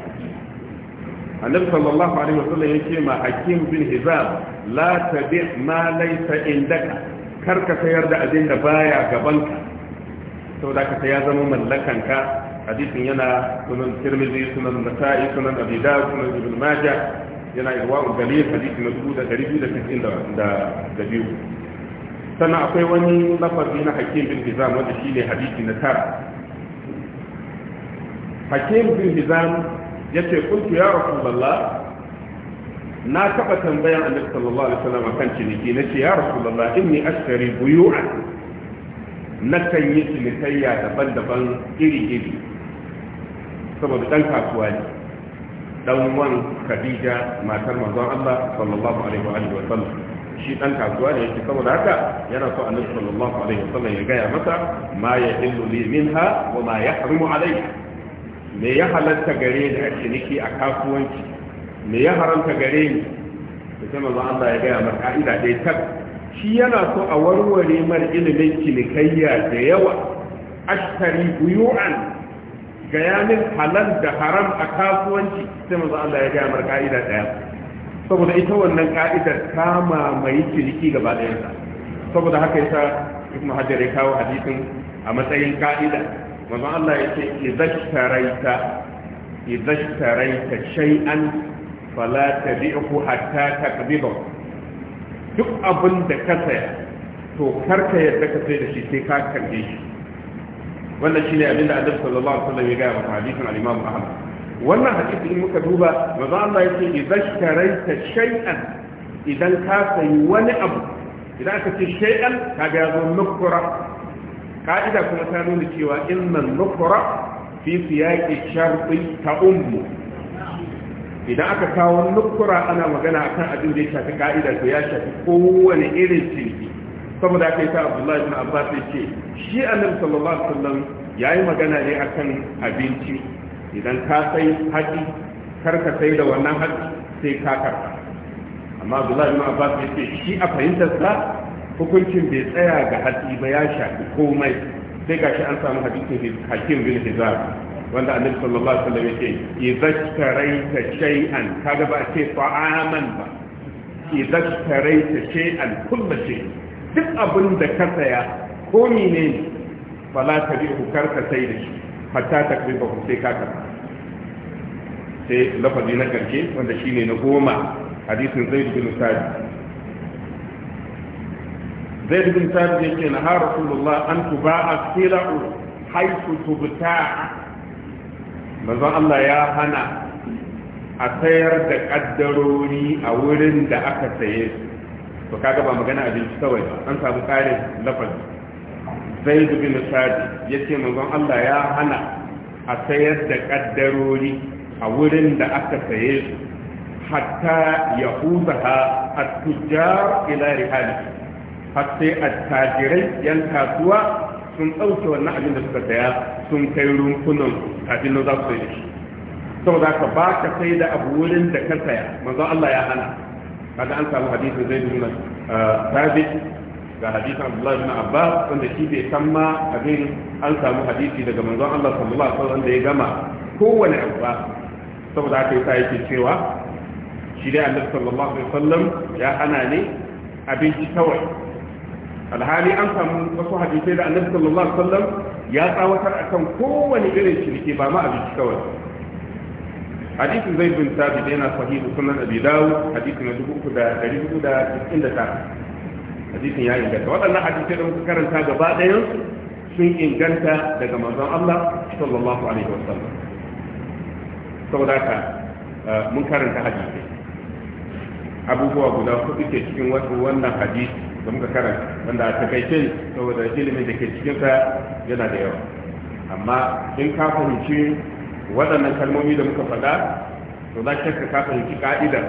annabi sallallahu alaihi wasallam yake ma hakim bin hizab la tabi ma laysa indaka kar ka sayar da abin da baya gabanka saboda ka ya zama mallakanka hadisin yana sunan tirmidhi sunan nasa'i sunan abi dawud sunan ibn majah yana irwa'u galil hadisi na dubu da dari biyu da tisin da biyu sannan akwai wani lafazi na hakim bin hizam wanda shi ne hadisi na tara hakim bin hizam ya ce kuntu ya rasulallah na taba tambayan annabi sallallahu alaihi wasallam kan ciniki na ce ya rasulullah inni ashtari buyu'an na kan yi cinikayya daban-daban iri-iri saboda dan kasuwa ne dan wan khadija matar manzon Allah sallallahu alaihi wa alihi shi dan kasuwa ne yake saboda haka yana so annabi sallallahu alaihi wasallam ya gaya masa ma ya illu li minha wa ma yahrimu alayhi me ya halatta gare da ciniki a kasuwanci me ya haramta gare ni da sai manzon Allah ya gaya mar ka'ida dai tak shi yana so a warware mar ilimin cinikayya da yawa ashtari buyu'an gaya min halal da haram a kasuwanci sai manzon Allah ya gaya mar ka'ida daya saboda ita wannan ka'idar ta mamaye ciniki gaba ɗayansa saboda haka yasa ibnu hajar ya kawo hadisin a matsayin ka'ida manzon Allah ya ce idzashtaraita idzashtaraita shay'an fala tabi'hu hatta taqbidu duk abin da ka saya to karka yadda ka sai da shi sai ka karbe shi wannan shine abin da Annabi sallallahu alaihi wasallam ya ga a hadisin al-Imam Ahmad wannan hadisi in muka duba maza Allah yake idashtarayta shay'an idan ka sayi wani abu idan aka ce shay'an ka ga yazo nukura ka'ida kuma ta nuna cewa innal nukura fi siyaqi sharti ta ummu idan aka kawo nukura ana magana akan abin da ya shafi ka'ida to ya shafi kowane irin cinki saboda aka yi ta abdullahi ibn abbas ya ce shi annabi sallallahu alaihi wasallam yayi magana ne akan abinci idan ka sai haji kar ka sai da wannan haji sai ka karba amma abdullahi ibn abbas ya ce shi a fahimtar sa hukuncin bai tsaya ga haji ba ya shafi komai sai gashi an samu hadisin hakim bin hizar wanda annabi sallallahu alaihi wasallam yake idzaktaraita shay'an kaga ba ce ta'aman ba idzaktaraita shay'an kullu shay duk abin da ka saya ko menene fala tabi'u karka sai da shi hatta takriba sai ka karba sai lafazi na karshe wanda shine na goma hadisin zaid bin sa'id zaid bin sa'id yake na ha rasulullah an tuba'a sila'u haythu tubta'a manzon Allah ya hana a sayar da kaddarori a wurin da aka saye su to kaga ba magana abinci kawai ba an samu ƙarin lafazi zai dubi misali ya ce manzon Allah ya hana a sayar da ƙaddarori a wurin da aka saye su hatta ya huza ha a tujjar ila hali hatta a tajirai yan kasuwa sun ɗauke wannan abin da suka saya sun kai rumfunan kafin nan za ku sai shi saboda ka ba ka sai da abu wurin da ka saya manzo Allah ya hana kaga an samu hadisin zai nuna uh, sabit ga hadisin Abdullah ibn Abbas wanda shi bai san ma abin an samu hadisi daga manzon Allah sallallahu alaihi wasallam da ya gama kowane abu ba saboda haka yasa yake cewa shi dai annabi sallallahu alaihi wasallam ya hana ne abinci kawai alhali an samu wasu hadisai da annabi sallallahu alaihi wasallam ya tsawatar a akan kowane irin shirki ba ma abinci kawai hadisin zai bin sabit yana sahihu sunan abi dawud hadisin na dubu uku da dari uku da cikin da ta hadisin ya inganta waɗannan hadisai da muka karanta gaba ɗayan sun inganta daga manzon Allah sallallahu alaihi wasallam saboda haka uh, mun karanta hadisi abubuwa guda kudu ke cikin wannan hadis da muka karanta wanda a takaice saboda ilimin da ke cikin sa yana da yawa amma in ka fahimci waɗannan kalmomi da muka faɗa to za ka ka fahimci ka'idar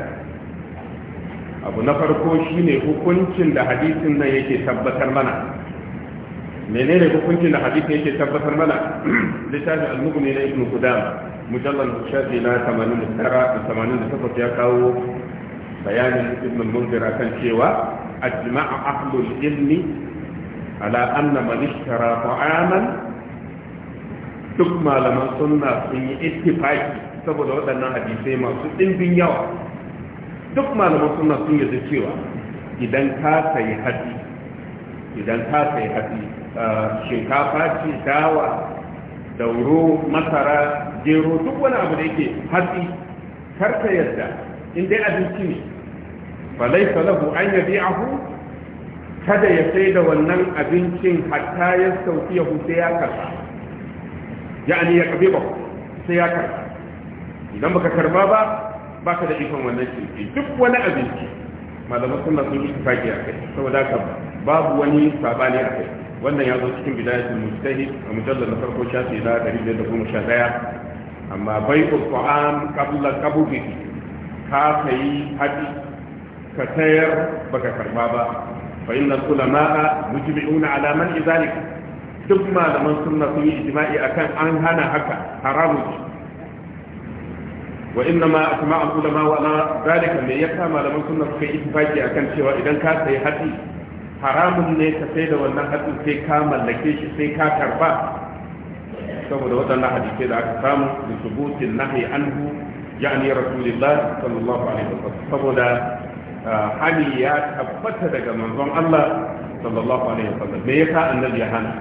abu na farko shine hukuncin da hadisin nan yake tabbatar mana menene hukuncin da hadisin yake tabbatar mana littafin al-mughni na ibnu qudama mujallal shafi na 89 da 88 ya kawo bayanin ibn munzir akan cewa ajma'a ahlul ilmi ala anna man ishtara ta'aman duk malaman sunna sun yi ittifaki saboda waɗannan hadisai masu ɗimbin yawa duk malaman sunna sun yi cewa idan ka sayi hatsi idan ka sayi hatsi shinkafa ce dawa dauro masara gero duk wani abu da yake hatsi karka yadda in dai abinci ne falaisa lahu an yabi'ahu kada ya sai da wannan abincin hatta ya ya sai ya karba ya'ani ya ba sai ya idan baka ba baka da ikon wannan cinki duk wani abinci malaman sunna sun yi tafaki a kai saboda haka babu wani sabani a kai wannan ya zo cikin bidayatul mujtahid a mujallal na farko shafi na 111 amma bai'ul ta'am qabla qabdihi ka kai hadi ka tayar baka karba ba fa inna ulama'a mujmi'una ala man zalik duk malaman sunna sun yi ijma'i akan an hana haka haramu ne wa inna ma asma'u ulama wa ala zalika ne ya kama malaman sunna suka yi ittifaqi akan cewa idan ka sayi hatsi haramun ne ka sai da wannan hatsin sai ka mallake shi sai ka karba saboda waɗannan hadisai da aka samu da subutin nahi anhu ya'ni rasulullah sallallahu alaihi wasallam saboda hani ya tabbata daga manzon Allah sallallahu alaihi wasallam me yasa annabi ya hana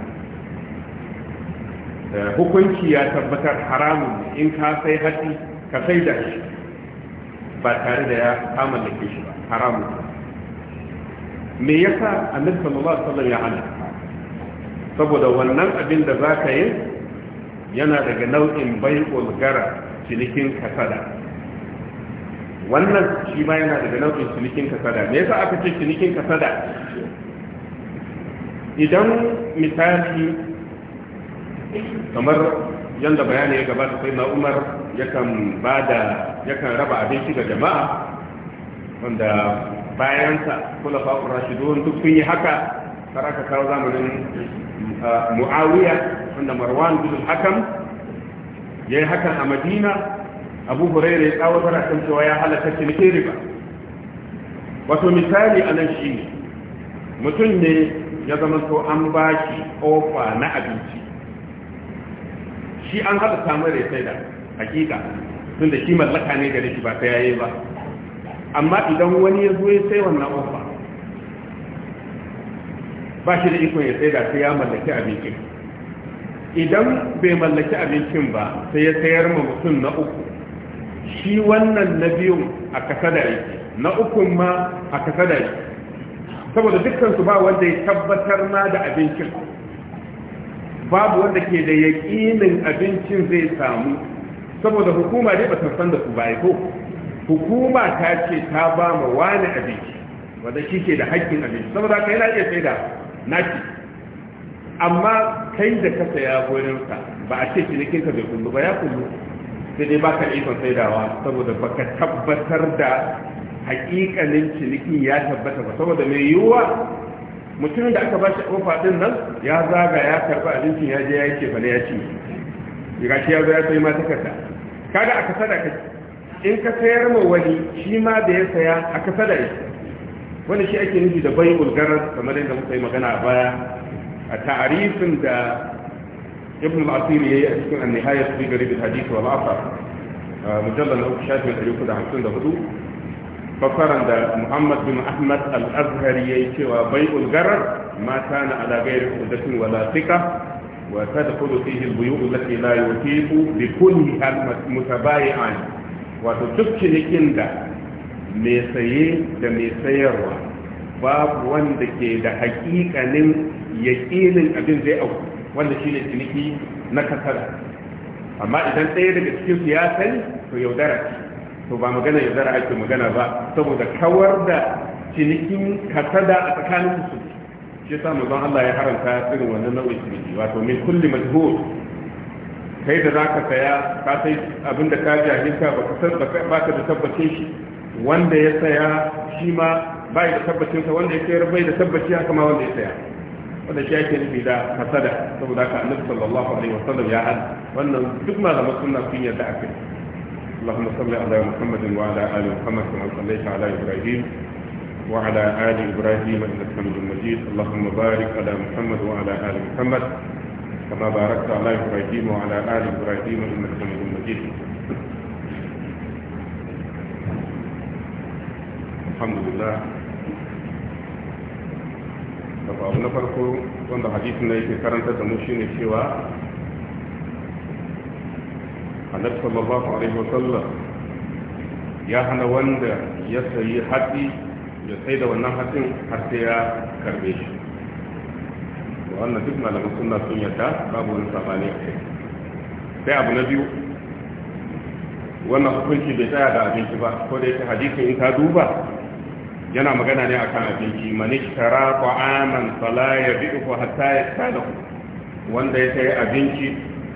hukunci ya tabbatar haramun in ka sai hatsi ka sai da shi ba tare da ya amallake shi ba haramun me yasa annabi sallallahu alaihi wasallam ya hana saboda wannan abin da zaka yi yana daga nau'in bai'ul gara cinikin kasada wannan shi ma yana daga nau'in cinikin kasada me yasa aka ce cinikin kasada idan misali kamar yadda bayani ya gabata sai na umar yakan bada yakan raba abinci ga jama'a wanda bayansa kula fa'ur rashidun duk sun yi haka kar aka kawo zamanin ah, mu'awiya wanda marwan bin hakam ya yi hakan a madina abu huraira ya tsawatar tana kan cewa ya halaka cinikin riba wato misali a nan shi ne mutum ne ya zama so an ba shi ofa na abinci shi an haɗa da ya sai da hakika tun da shi mallaka ne gare shi ba ta yaye ba amma idan wani ya zo ya sai wannan ofa ba shi da ikon ya sai da sai ya mallaki abincin idan bai mallaki abincin ba sai ya sayar ma mutum na uku shi wannan na biyun a da yake na ukun ma a da yake saboda dukkan su ba wanda ya tabbatar na da abincin babu wanda ke da yaƙinin abincin zai samu saboda hukuma dai ba ta san da su ba ko hukuma ta ce ta ba ma wani abinci wanda shi ke da haƙƙin abinci saboda haka yana iya sai da naki amma kai da kasa ya gurinsa ba a ce cinikinka bai kullu ba ya kullu sai dai baka ikon saidawa saboda baka tabbatar da hakikalin ciniki ya tabbata ba saboda mai yiwuwa mutumin da aka ba shi ofa din nan ya zaga ya karba abincin ya je ya yi ya ci ga shi ya zo ya sai ma takarda kaga aka sada ka in ka sayar ma wani shi ma da ya saya aka sada shi wani shi ake nufi da bai ulgarar kamar yadda muka yi magana a baya a ta'arifin da ابن العصير يأتيكم عن نهاية في قريب الحديث والآخر آه، مجلد أبو شاشم الحديث ده حسن ده هدو فصار عند محمد بن أحمد الأزهري يشوى بيء الغرر ما كان على غير حدة ولا ثقة وتدخل فيه البيوء التي لا يثيب بكلها المتبايعا وتتبش لكن ده ميسيه ده ميسيره باب وندكي ده حقيقة نم يكيل الأبن زي أول wanda shi ne ciniki na kasara amma idan ɗaya daga cikin su ya sani to yaudara to ba magana yaudara ake magana ba saboda kawar da cinikin kasada a tsakanin su shi yasa manzon Allah ya haramta irin wannan nau'in ciniki wato min kulli majhul kai da zaka saya ka sai abinda ka jahilta baka san da tabbacin shi wanda ya saya shi ma bai da tabbacin sa wanda ya sayar bai da tabbaci haka ma wanda ya saya wanda shi ake nufi da hasada saboda haka annabi sallallahu alaihi wasallam ya hada wannan duk malaman sunna sun yarda a kai اللهم صل على محمد
وعلى ال محمد كما صليت على ابراهيم وعلى ال ابراهيم انك حميد مجيد اللهم بارك على محمد وعلى ال محمد كما باركت على ابراهيم وعلى ال ابراهيم انك حميد مجيد الحمد لله
wato abu na farko wanda hadisin da yake karanta da mu shine cewa annabi sallallahu alaihi sallam ya hana wanda ya sayi hatsi ya sai da wannan hatsin har sai ya karbe shi wannan duk malaman suna sun yadda babu wani sabani a kai sai abu na biyu wannan hukunci bai tsaya da abinci ba ko da yake hadisin in ka duba yana magana ne akan abinci mani tara ya bi hatta ya tsada wanda ya sai abinci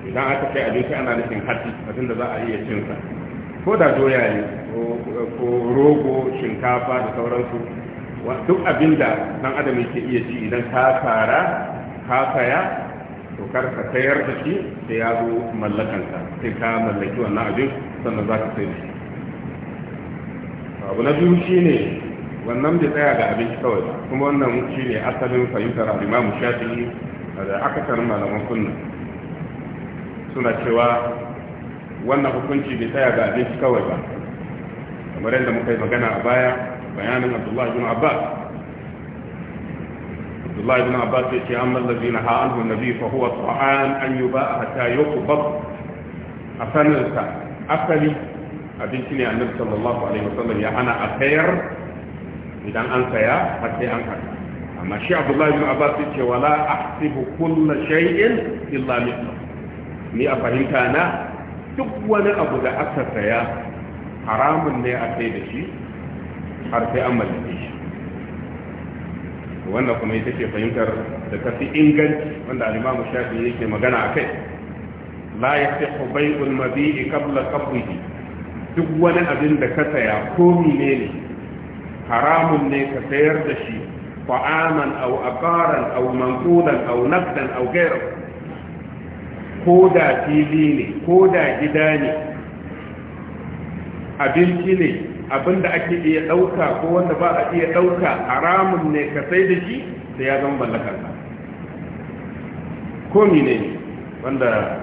idan aka kai abinci ana nufin hatsi abin da za a iya cin sa ko da doya ne ko rogo shinkafa da sauransu duk abin da dan adam yake iya ci idan ka fara ka saya to kar ka sayar da shi da ya zo ka sai ka mallaki wannan abin sannan za ka sai abu na biyu shine wannan bai tsaya ga abinci kawai ba kuma wannan shi ne asalin fahimtar alimamu shafi'i da akasar malaman sunna suna cewa wannan hukunci bai tsaya ga abinci kawai ba kamar yadda muka yi magana a baya bayanin abdullahi bin abbas abdullahi bin abbas ya ce an mallabi na ha'anhu nabi fa huwa ta'an an yi ba a hata yau ku a saninsa asali abinci ne annabi sallallahu alaihi wasallam ya ana a kayar idan an saya har sai an karɓa amma shi abdullahi bin abbas ya ce wala ahsibu kullu shay'in illa mithla ni a fahimta na duk wani abu da aka saya haramun ne a sai da shi har sai an mallake shi wanda kuma ita ce fahimtar da ta fi inganci wanda al-imamu shafi yake magana a kai la yasihu bai'ul mabi'i qabla qabrihi duk wani abin da ka saya ko menene ne haramun ne ka sayar da shi fa'aman au aqaran au manqudan au nafdan, au ghayra ko da fili ne ko da gida ne abinci ne abinda ake iya ɗauka ko wanda ba a iya ɗauka haramun ne ka sai da shi sai ya zama mallakar ka komi ne wanda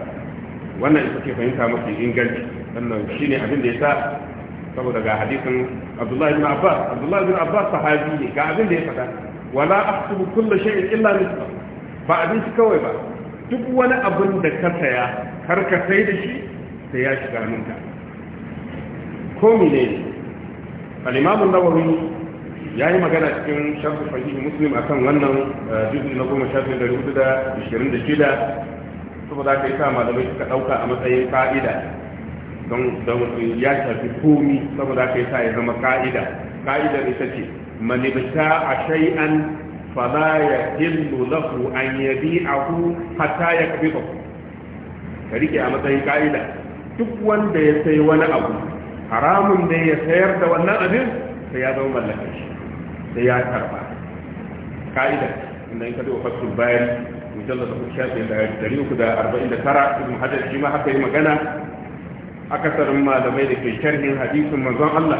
wannan ita ke fahimta mafi inganci wannan shi ne abinda ya sa saboda ga hadisin Abdullahi ibn Abbas Abdullahi ibn Abbas sahabi ne ga abin da ya faɗa wala ahsibu kullu shay'in illa mithla ba shi kawai ba duk wani abin da ka saya kar ka sai da shi sai ya shiga hannunka ko ne, al-Imam an-Nawawi ya yi magana cikin sharh fahimci muslim akan wannan eh, jirgin na goma shafin da rubutu da ishirin da shida saboda ka sa malamai suka ɗauka a matsayin fa'ida don ya shafi komi saboda ka yasa ya zama ka'ida ka'idar ita ce man ibta'a shay'an ya yahillu lahu an yabi'ahu hatta yakbidahu ka rike a matsayin ka'ida duk wanda ya sai wani abu haramun ne ya sayar da wannan abin sai ya zama mallaka shi sai ya karba ka'ida inda in ka duba fasul bayan mujallad da shafi da 349 ibn hajar shi ma haka yi magana akasarin malamai da ke sharhin hadisin manzon Allah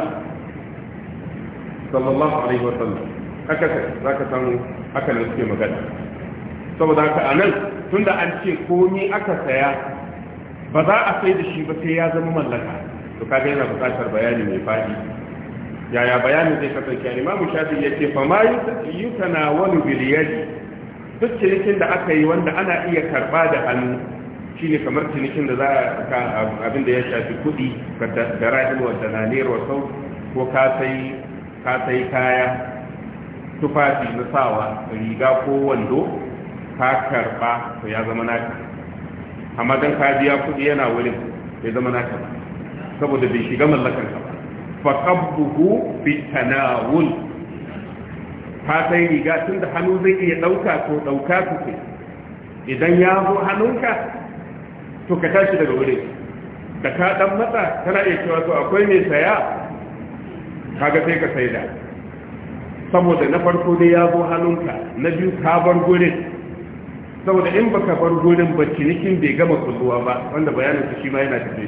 sallallahu alaihi wa sallam za ka san haka ne suke magana saboda haka anan tunda an ce ko komai aka saya ba za a sai da shi ba sai ya zama mallaka to kaga yana buƙatar bayani mai fadi yaya bayanin zai kasance an imamu shafi ya ce fa ma tana wani biliyari. duk cinikin da aka yi wanda ana iya karba da hannu ne kamar cinikin da za a ka abin da ya shafi kudi ka darahil wa dalanir sau ko ka sai ka kaya tufafi na sawa riga ko wando ka karba to ya zama naka amma don ka biya kudi yana wurin ya zama naka saboda bai shiga mallakar ka fa qabduhu bi tanawul ka sai riga tunda hannu zai iya dauka ko dauka su idan ya zo hannunka to ka tashi daga wurin da ka dan matsa kana iya cewa to akwai mai saya kaga sai ka sai da saboda na farko dai ya zo hannunka na biyu ka bar gurin saboda in baka bar gurin ba cinikin bai gama kulluwa ba wanda bayanin shi ma yana tafe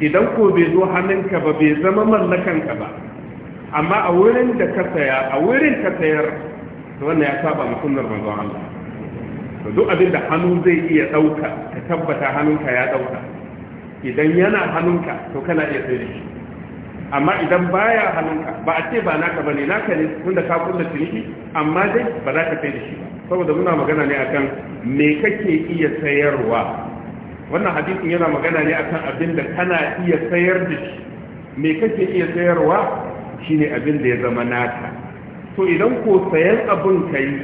idan ko bai zo hannunka ba bai zama mallakanka ba amma a wurin da ka saya a wurin ka sayar to wannan ya saba ma ban manzon Allah to duk abin da hannu zai iya dauka tabbata hannunka ya ɗauka. idan yana hannunka to kana iya tsere shi amma idan baya hannunka ba a ce ba naka bane naka ne tunda ka kulla ciniki amma dai ba za ka tsere da shi ba saboda muna magana ne akan me kake iya sayarwa wannan hadisin yana magana ne akan abin da kana iya sayar da shi me kake iya sayarwa shine abin da ya zama naka to idan ko sayan abin kai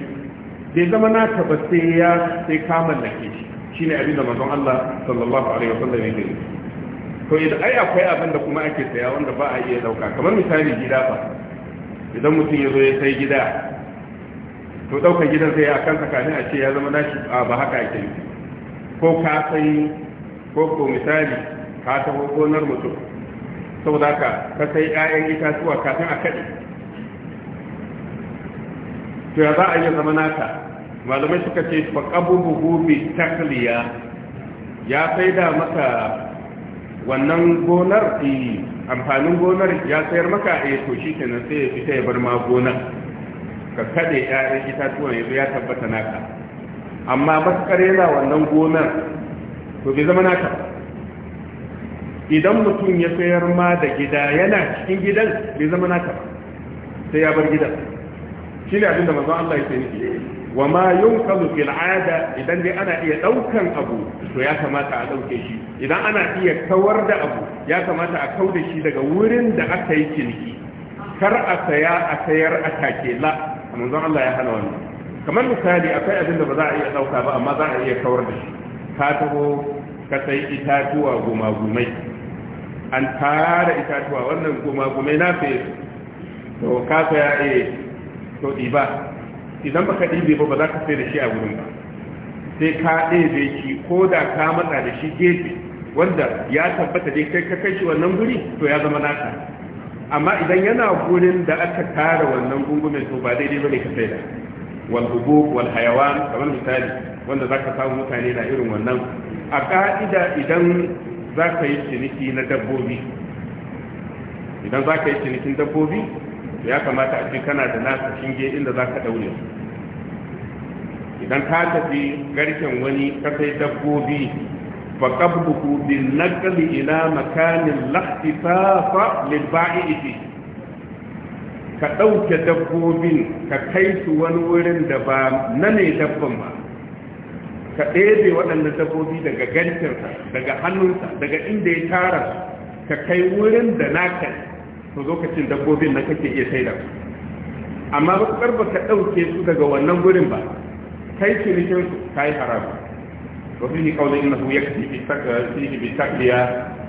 bai zama naka ba sai ya sai ka mallake shi shine abin da manzon Allah sallallahu alaihi wasallam yake to idan ai akwai abin da kuma ake saya wanda ba a iya dauka kamar misali gida fa idan mutum ya zo ya sai gida to daukar gidan sai a kan kafin a ce ya zama nashi ba haka ake yi ko ka sai ko ko misali ka ta gonar mutum saboda ka ka sai 'ya'yan itatuwa kafin a kaɗe to ya za a iya zama naka malamai suka ce fa qabuhu bi takliya ya faida maka wannan gonar eh amfanin gonar ya sayar maka eh to nan sai ya fita ya bar ma gonar ka kade ya'yan itatuwan yanzu ya tabbata naka amma maskar yana wannan gonar to bai zama naka idan mutum ya sayar ma da gida yana cikin gidan bai zama naka sai ya bar gidan shi ne abinda mazan Allah ya ce ni wa ma yunqalu fil ada idan dai ana iya daukan abu to ya kamata a dauke shi idan ana iya kawar da abu ya kamata a kauda shi daga wurin da aka yi ciniki kar a saya a sayar a take la manzon Allah ya hana wannan kamar misali akwai abin da ba za a iya dauka ba amma za a iya kawar da shi ka taho ka sai itatuwa goma gumai, an tara itatuwa wannan goma gumai na sai to ka saya eh to iba idan baka ɗibe ba ba za ka sai da shi a wurin ba sai ka ɗebe shi ko da ka matsa da shi gefe wanda ya tabbata dai kai ka kai shi wannan guri to ya zama naka amma idan yana gurin da aka tara wannan gungumen to ba daidai ba ne ka sai da wal hubub wal kamar misali wanda za ka samu mutane na irin wannan a ka'ida idan za ka yi ciniki na dabbobi idan za ka yi cinikin dabbobi ya kamata a ce kana da nasa shinge inda za ka daure idan ka tafi garken wani kasai sai dabbobi fa qabduhu bin naqli ila makanin lahtifafa lil ba'i'i ka dauke dabbobin ka kai su wani wurin da ba na ne dabban ba ka ɗebe waɗannan dabbobi daga gantarsa, daga hannunsa daga inda ya tara ka kai wurin da naka to lokacin dabbobin na kake iya saida amma ba ku ba ka ɗauke su daga wannan gurin ba kai cinikin su kai yi haramu ba su yi kaunin ina su ya kasi bi takliya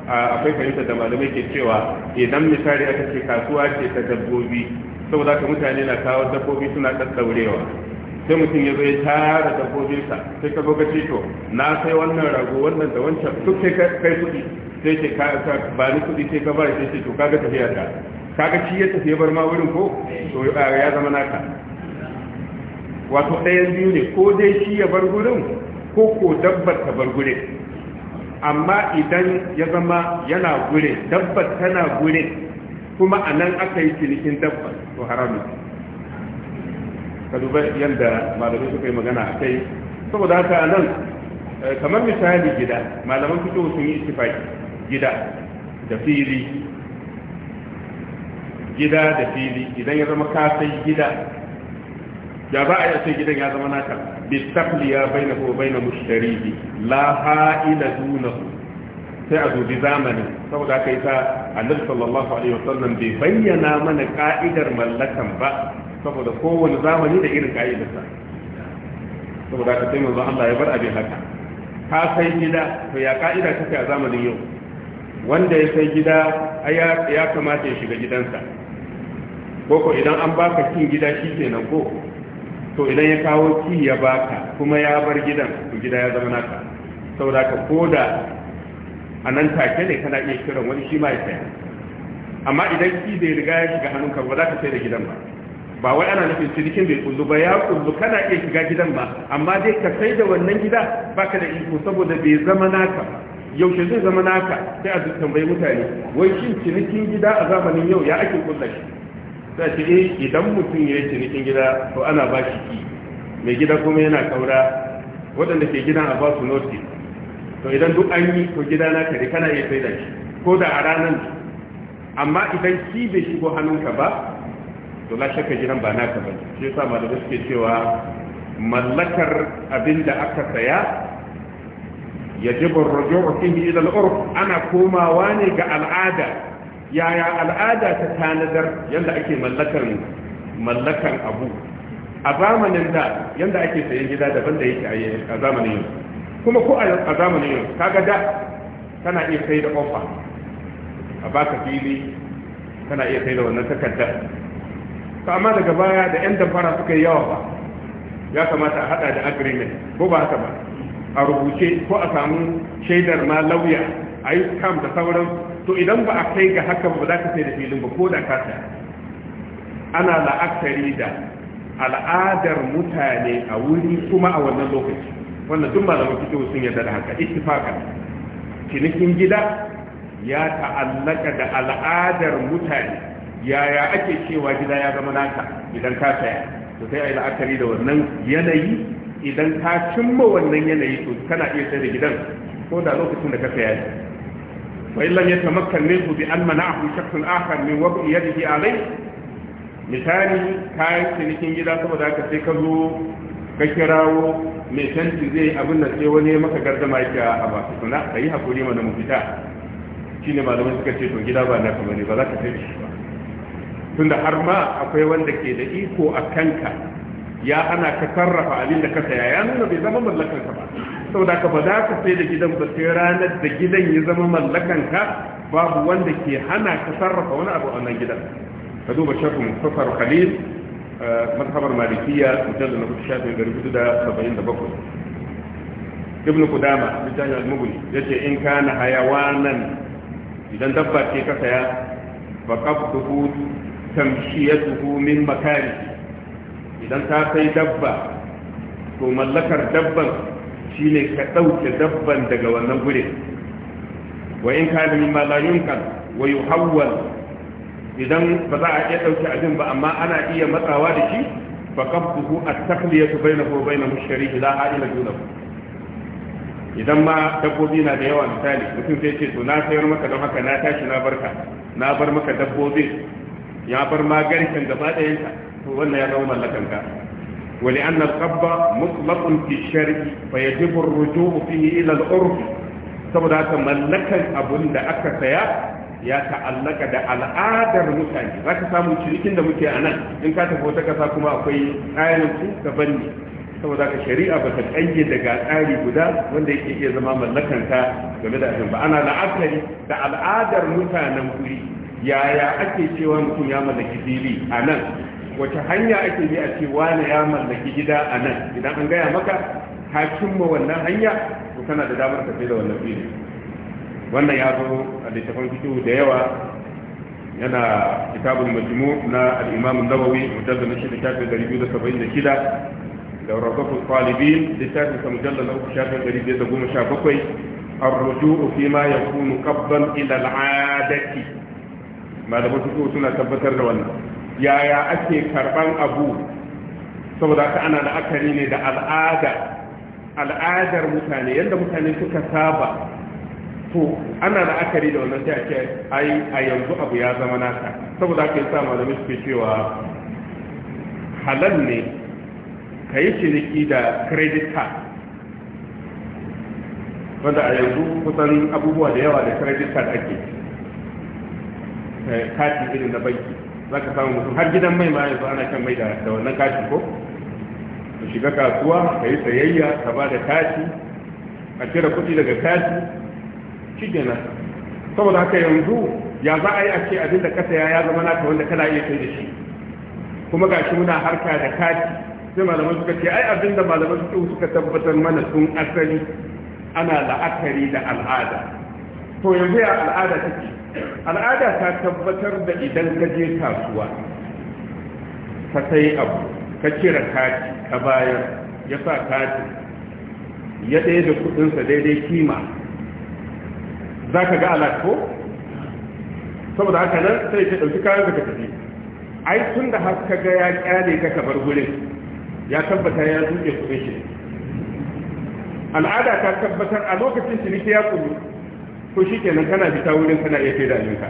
akwai fahimta da malamai ke cewa idan misali aka ce kasuwa ce ta dabbobi saboda ka mutane na kawo dabbobi suna ɗaɗɗaurewa sai mutum ya zai tara dabbobinsa sai ka zo ka ce to na sai wannan rago wannan da wancan duk sai kai kuɗi sai ce ba ni kudi sai ka ba sai ce to kaga tafiya ta kaga shi ya tafiya bar ma wurin ko to ya zama naka wato ɗaya biyu ne ko dai shi ya bar gurin ko ko dabbar ta bar gure amma idan ya zama yana gure dabbar tana gure kuma a nan aka yi cinikin dabbar to haramun ka duba yadda malamai suka yi magana a kai saboda haka a nan eh, kamar misali gida malaman fito sun yi istifaki gida da fili gida da fili idan ya zama kasai gida ya ba a yace gidan ya zama naka bi taqliya bainahu wa bain mushtarihi la ha'ila duna sai a dubi zamanin saboda kai ta annabi sallallahu alaihi wasallam bai bayyana mana ka'idar mallakan ba saboda kowane zamani da irin sa saboda ka sai manzo Allah ya bar abin haka ka sai gida to ya ka'ida take a zamanin yau wanda ya sai gida ya kamata ya shiga gidansa koko idan an baka kin gida shi ke nan ko to idan ya kawo ki ya baka kuma ya bar gidan to gida ya zama naka saboda ka koda a nan take ne kana iya kiran wani shi ma ya sai amma idan ki bai riga ya shiga hannunka ba za ka sai da gidan ba ba wai ana nufin cikin bai kullu ba ya kullu kana iya shiga gidan ba amma dai ka sai da wannan gida baka da iko saboda bai zama naka ba yaushe zai zama naka sai a tambayi mutane wai shin cinikin gida a zamanin yau ya ake kulla shi sai ce eh idan mutum ya yi cinikin gida to ana ba shi ki mai gida kuma yana kaura waɗanda ke gidan a ba su noti to idan duk an yi to gida na kare kana iya sai da shi ko da a ranar amma idan ki bai shigo hannunka ba to la ka gidan ba naka ba shi yasa malamai suke cewa mallakar abin da aka saya yajibu ar-ruju' fihi ila al-urf ana komawa ne ga al'ada yaya al'ada ta tanadar yanda ake mallakan mallakan abu a zamanin da yanda ake sayan gida daban da yake a zamanin yau kuma ko a zamanin yau kaga da kana iya sai da ofa a baka fili kana iya sai da wannan takarda? to amma daga baya da yan damfara suka yi yawa ba ya kamata a hada da agreement ko ba haka ba a rubuce ko a samu shaidar ma lauya a yi kam da sauran to idan ba a kai ga haka ba za ka sai da filin ba ko da ka ana la'akari da al'adar mutane a wuri kuma a wannan lokaci wannan duk malaman fito sun yadda da haka ittifaqan cinikin gida ya ta'allaka da al'adar mutane yaya ake cewa gida ya zama naka idan ka saya to sai a yi la'akari da wannan yanayi idan ka cimma wannan yanayi to kana iya sai da gidan ko da lokacin da ka saya shi wa illam yatamakkan minhu bi an mana'ahu shakhsun akhar min wad'i yadihi alayhi misali ka yi cinikin gida saboda haka sai ka zo ka kirawo mai tanti zai abin da sai wani maka gardama yake a ba su suna ka yi hakuri mana mu fita shi ne malamai suka ce to gida ba na kamar ne ba za ka sai shi ba tunda har ma akwai wanda ke da iko a kanka ya hana ka sarrafa abin da ka saya ya nuna bai zama mallakan ka ba saboda ka ba za ka sai da gidan ba sai ranar da gidan ya zama mallakan ka babu wanda ke hana ka sarrafa wani abu a wannan gidan ka duba shafin mustafar khalil mazhabar malikiya mujallar na shafin dari hudu da saba'in da bakwai ibn kudama littafin al-mughni yace in kana hayawanan idan dabba ce ka saya fa qabtuhu tamshiyatuhu min makarihi idan ka sai dabba to mallakar dabban shine ka ɗauke dabban daga wannan gure wa in ka da mimma la yunkan wa yuhawwal idan ba za a iya ɗauke abin ba amma ana iya matsawa da shi fa qabduhu at-taqliyatu bainahu wa bainahu ash-shariki la ha'ila dunahu idan ma dabbobi na da yawa misali mutum zai ce to na sayar maka don haka na tashi na barka na bar maka dabbobi ya bar ma garken gaba ɗayanka wannan ya zama mallakanka Wani an al-qabba mutlaqun fi shar'i fa yajibu ar-ruju'u fihi ila al-urf saboda haka mallakan abun da aka saya ya ta'allaka da al'adar mutane za ka samu cinikin da muke a nan in ka tafi wata kasa kuma akwai tsarin su daban ne saboda ka shari'a ba ta kange daga tsari guda wanda yake iya zama mallakan ta game da abin ba ana la'akari da al'adar mutanen guri yaya ake cewa mutum ya mallaki fili a nan wata hanya ake yi a ce wani ya mallaki gida a nan idan an gaya maka ka cimma wannan hanya to kana da damar ka sai da wannan fili wannan ya zo a littafin fikihu da yawa yana kitabul majmu na al-imam an-nawawi mujallad na shida shafi dari biyu da saba'in da shida da rabbatul talibin littafin sa mujallad na uku shafi dari biyu da goma sha bakwai الرجوع فيما يكون قبضا الى ila ما da wasu suna tabbatar da wannan yaya ake karban abu saboda haka ana la'akari ne da al'ada al'adar mutane yadda mutane suka saba to ana la'akari da wannan sai ce ai a yanzu abu ya zama naka saboda haka yasa malami suke cewa halal ne ka yi ciniki da credit card wanda a yanzu kusan abubuwa da yawa da credit card ake eh, kati irin na banki za ka samu mutum har gidan mai ma yanzu ana kan mai da wannan kashi ko ka shiga kasuwa ka yi sayayya ka ba da kashi ka cire kuɗi daga kashi shi saboda haka yanzu ya za a yi a ce abin da ka saya ya zama naka wanda kana iya kai da shi kuma ga shi muna harka da kashi sai malaman suka ce ai abin malaman suke suka tabbatar mana sun asali ana la'akari da al'ada to yanzu ya al'ada take al'ada ta tabbatar da idan ka je kasuwa ka sai abu ka cire kati ka bayar ya sa kati ya ɗaya da kudinsa daidai kima za ka ga ko? saboda haka nan sai ce ɗauki kayan ka tafi ai tun da har ka ga ya ƙyale ka bar gurin ya tabbata ya zuke kudin shi al'ada ta tabbatar a lokacin ciniki ya kudu Ko shi kenan kana fita wurin kana iya kai da abinka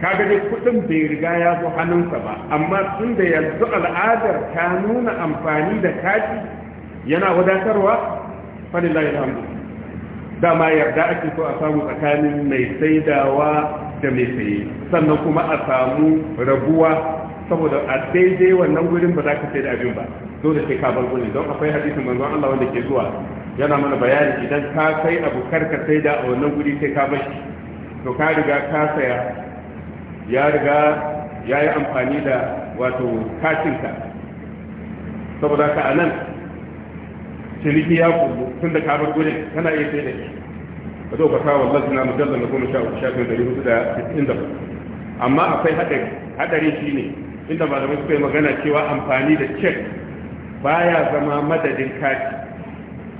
kaga dai kudin bai riga ya zo hannunsa ba amma tun da yanzu al'adar ta nuna amfani da kaji yana wadatarwa falilahi alhamdu dama yarda ake so a samu tsakanin mai saidawa da mai saye sannan kuma a samu rabuwa saboda a daidai wannan gurin ba za ka sai da abin ba dole sai ka bar gurin don akwai hadisin manzon Allah wanda ke zuwa yana mana bayani idan ka kai abu karka sai da a wannan guri sai ka bashi to ka riga ka saya ya riga ya yi amfani da wato katinka saboda ka anan ciniki ya kullu tun da ka bar gurin kana iya sai da shi ka zo ka kawo Allah suna mujallar na goma sha uku shafin dari hudu da sittin da amma akwai haɗari haɗari shi ne inda malamai suka yi magana cewa amfani da cek baya zama madadin kati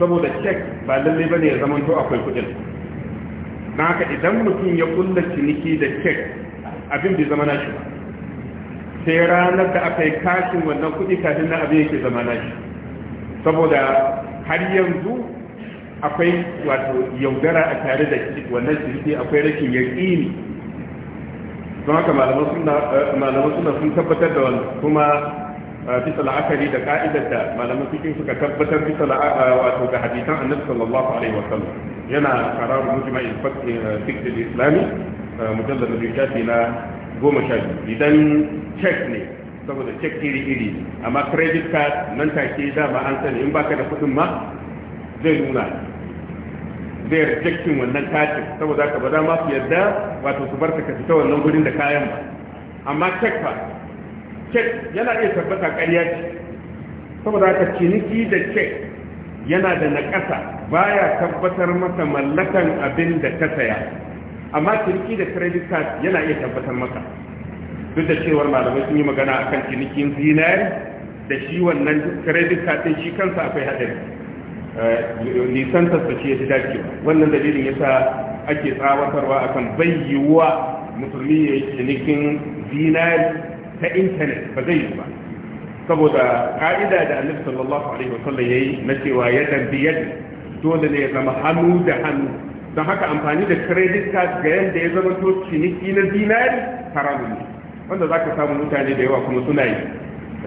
saboda cek ba lalle bane ya zama to akwai kudin na haka idan mutum ya kulla ciniki da cek abin bai zama nashi ba sai ranar da aka yi kashin wannan kudi kafin na abin yake zama nashi saboda har yanzu akwai wato yaudara a tare da wannan ciniki akwai rashin yaƙini don haka malaman suna eh, sun tabbatar da wannan kuma bisa la'akari da ka'idar da malaman fiqh suka tabbatar bisa wato hadisan annabi sallallahu alaihi wasallam yana qarar fiqh al-islami mujallad al na goma sha idan check ne saboda check iri iri amma credit card nan take an sani in baka da kuɗin ma zai nuna zai rejectin wannan saboda ka ba za ma su yarda wato su barka ka fita wannan gurin da kayan ba amma check cek yana iya tabbata ƙarya ce saboda haka ciniki da cek yana da naƙasa baya tabbatar maka mallakan abin da ka saya amma ciniki da credit card yana iya tabbatar maka duk da cewar malamai sun yi magana akan cinikin zinari da shi wannan credit card din shi kansa akwai haɗari. Eh, nisan tasta shi ya fi dacewa wannan dalilin yasa ake tsawatarwa akan bayyuwa musulmi ya yi cinikin zinari ta intanet ba zai yi ba saboda ka'ida da annabi sallallahu alaihi wasallam yayi na cewa ya dambi yadda dole ne ya zama hannu da hannu don haka amfani da credit card ga yadda ya zama to ciniki na dinari haramun ne wanda za ka samu mutane da yawa kuma suna yi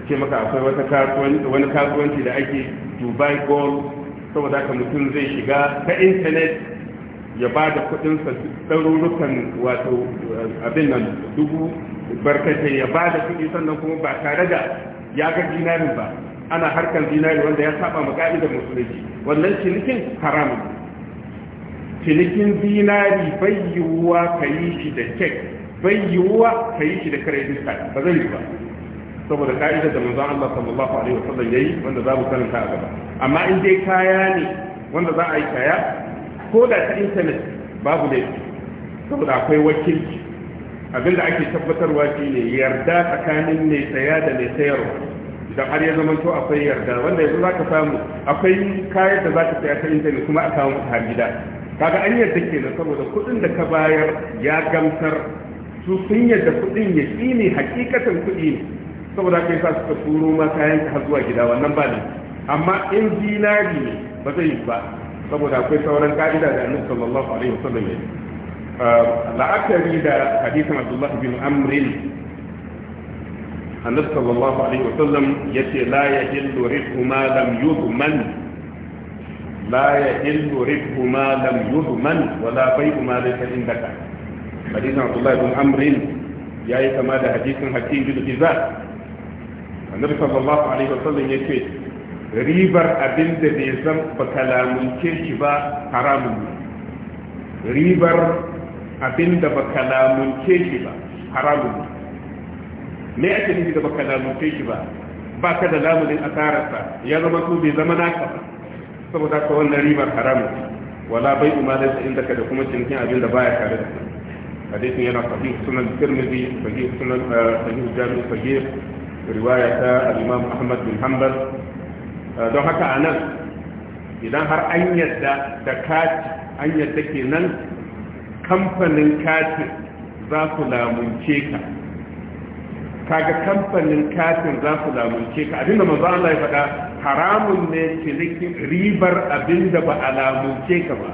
a ce maka akwai wata kasuwanci wani kasuwanci da ake Dubai Gold saboda haka mutum zai shiga ta intanet ya ba da kuɗinsa ɗarurukan wato abin nan dubu barkatai ya ba da kudi sannan kuma ba tare da ya ga dinarin ba ana harkar dinari wanda ya saba ma ka'idar musulunci wannan cinikin haramun cinikin dinari bai yiwuwa ka yi shi da kek bai yiwuwa ka yi shi da credit card ba zai yi ba saboda ka'idar da manzon Allah sallallahu alaihi wasallam yayi wanda za mu karanta a gaba amma in dai kaya ne wanda za a yi kaya ko da ta internet babu laifi saboda akwai wakilci Abin da ake tabbatarwa ne yarda tsakanin mai saya da mai sayarwa idan har ya zama to akwai yarda wanda yanzu ka samu akwai kayan da ka saya ta intanet kuma a kawo ta har gida kaga an yarda kenan saboda kuɗin da ka bayar ya gamsar su sun yarda kuɗin ya ne hakikatan kuɗi ne saboda ka sa suka turo ma kayan ka zuwa gida wannan ba ne amma in zinari ne ba zai yi ba saboda akwai sauran ka'ida da annabi sallallahu alaihi wasallam ya yi la'akari da hadisin abdullah bin amrin annabi sallallahu alaihi wasallam yace la yahillu rizqu ma lam yudman la yahillu rizqu ma lam yudman wa la bai'u ma laysa indaka hadisin abdullah bin amrin yayi kama da hadisin hakim bin hizar annabi sallallahu alaihi wasallam yace ribar abin da bai san ba kalamunce shi ba haramun ribar Abin abinda baka lamunce shi ba haramun ne ake nufi da baka lamunce shi ba ba ka da lamunin asararsa ya zama su bai zama naka ba saboda ka wannan ribar haramun wala bai umma da inda ka da kuma cinikin abin da baya kare da hadisin yana sahih sunan tirmidhi sahih sunan eh, sahih jami sahih riwaya ta al-imam ahmad bin hanbal eh, don haka anan idan har an yadda da kaci an yadda ke nan. kamfanin katin za su lamunce ka kaga kamfanin katin za su lamunce ka abinda maza Allah ya faɗa haramun ne cinikin ribar abinda ba a lamunce ka ba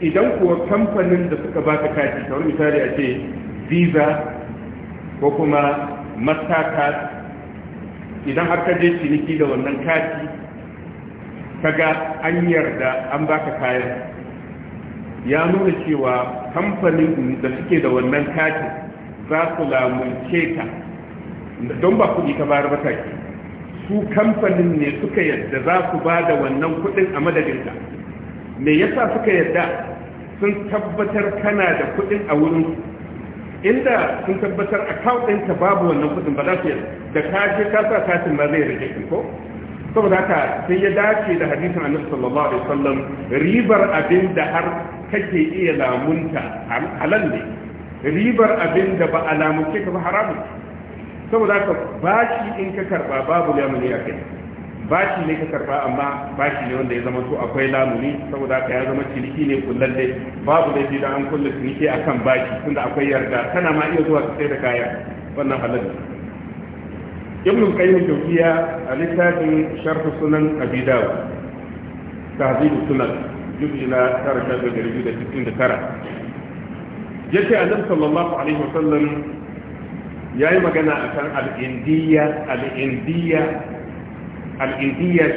idan kuwa kamfanin da suka ba ka kati kawai misali a ce visa ko kuma mastercard idan har ka je ciniki da wannan kati kaga an yarda an baka kayan ya nuna cewa kamfanin da suke da wannan kati za su lamunce ta don ba kuɗi ta bayar mataki, su kamfanin ne suka yadda za su ba da wannan kuɗin a madadinta me yasa suka yadda sun tabbatar kana da kuɗin a wurin inda sun tabbatar account ɗinka babu wannan kuɗin ba za su yadda da ka je ka sa katin ba zai rage ko saboda haka sai ya dace da hadisin annabi sallallahu alaihi wasallam ribar abin da har kake iya lamunta halal ne ribar abin da ba a lamunce ka ba haramu saboda haka bashi in ka karba babu lamuni a kai bashi ne ka karba amma bashi ne wanda ya zama to akwai lamuni saboda haka ya zama ciniki ne kullalle babu laifi da an kulle ciniki akan bashi tunda akwai yarda kana ma iya zuwa ka sai da kaya wannan halal ne ibn qayyim tawfiya a littafin sharh sunan abi dawud tahzib sunan juzu na tara da rubu da cikin da tara yace annabi sallallahu alaihi wasallam yayi magana akan al-indiya al abu ya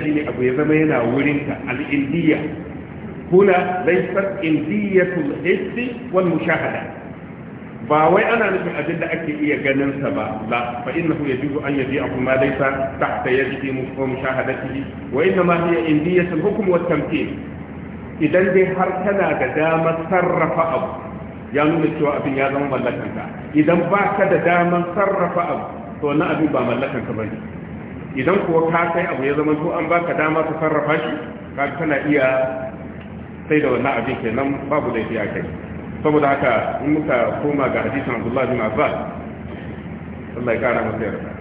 zama yana wurinka al-indiya هنا ليست إندية الحس والمشاهدة ba wai ana nufin abin da ake iya ganin sa ba la fa innahu yajibu an yabi'ahu ma laysa tahta yadihi wa mushahadatihi wa inna ma hiya indiyatul hukm wa tamkin idan dai har kana da damar sarrafa abu ya nuna cewa abin ya zama mallakanka idan ba ka da damar sarrafa abu to na abin ba mallakanka bane idan kuwa ka kai abu ya zama to an baka dama ka sarrafa shi ka kana iya sai da wannan abin kenan babu laifi a kai saboda haka in muka koma ga hadisin abdullahi bin abbas Allah ya kara masa yarda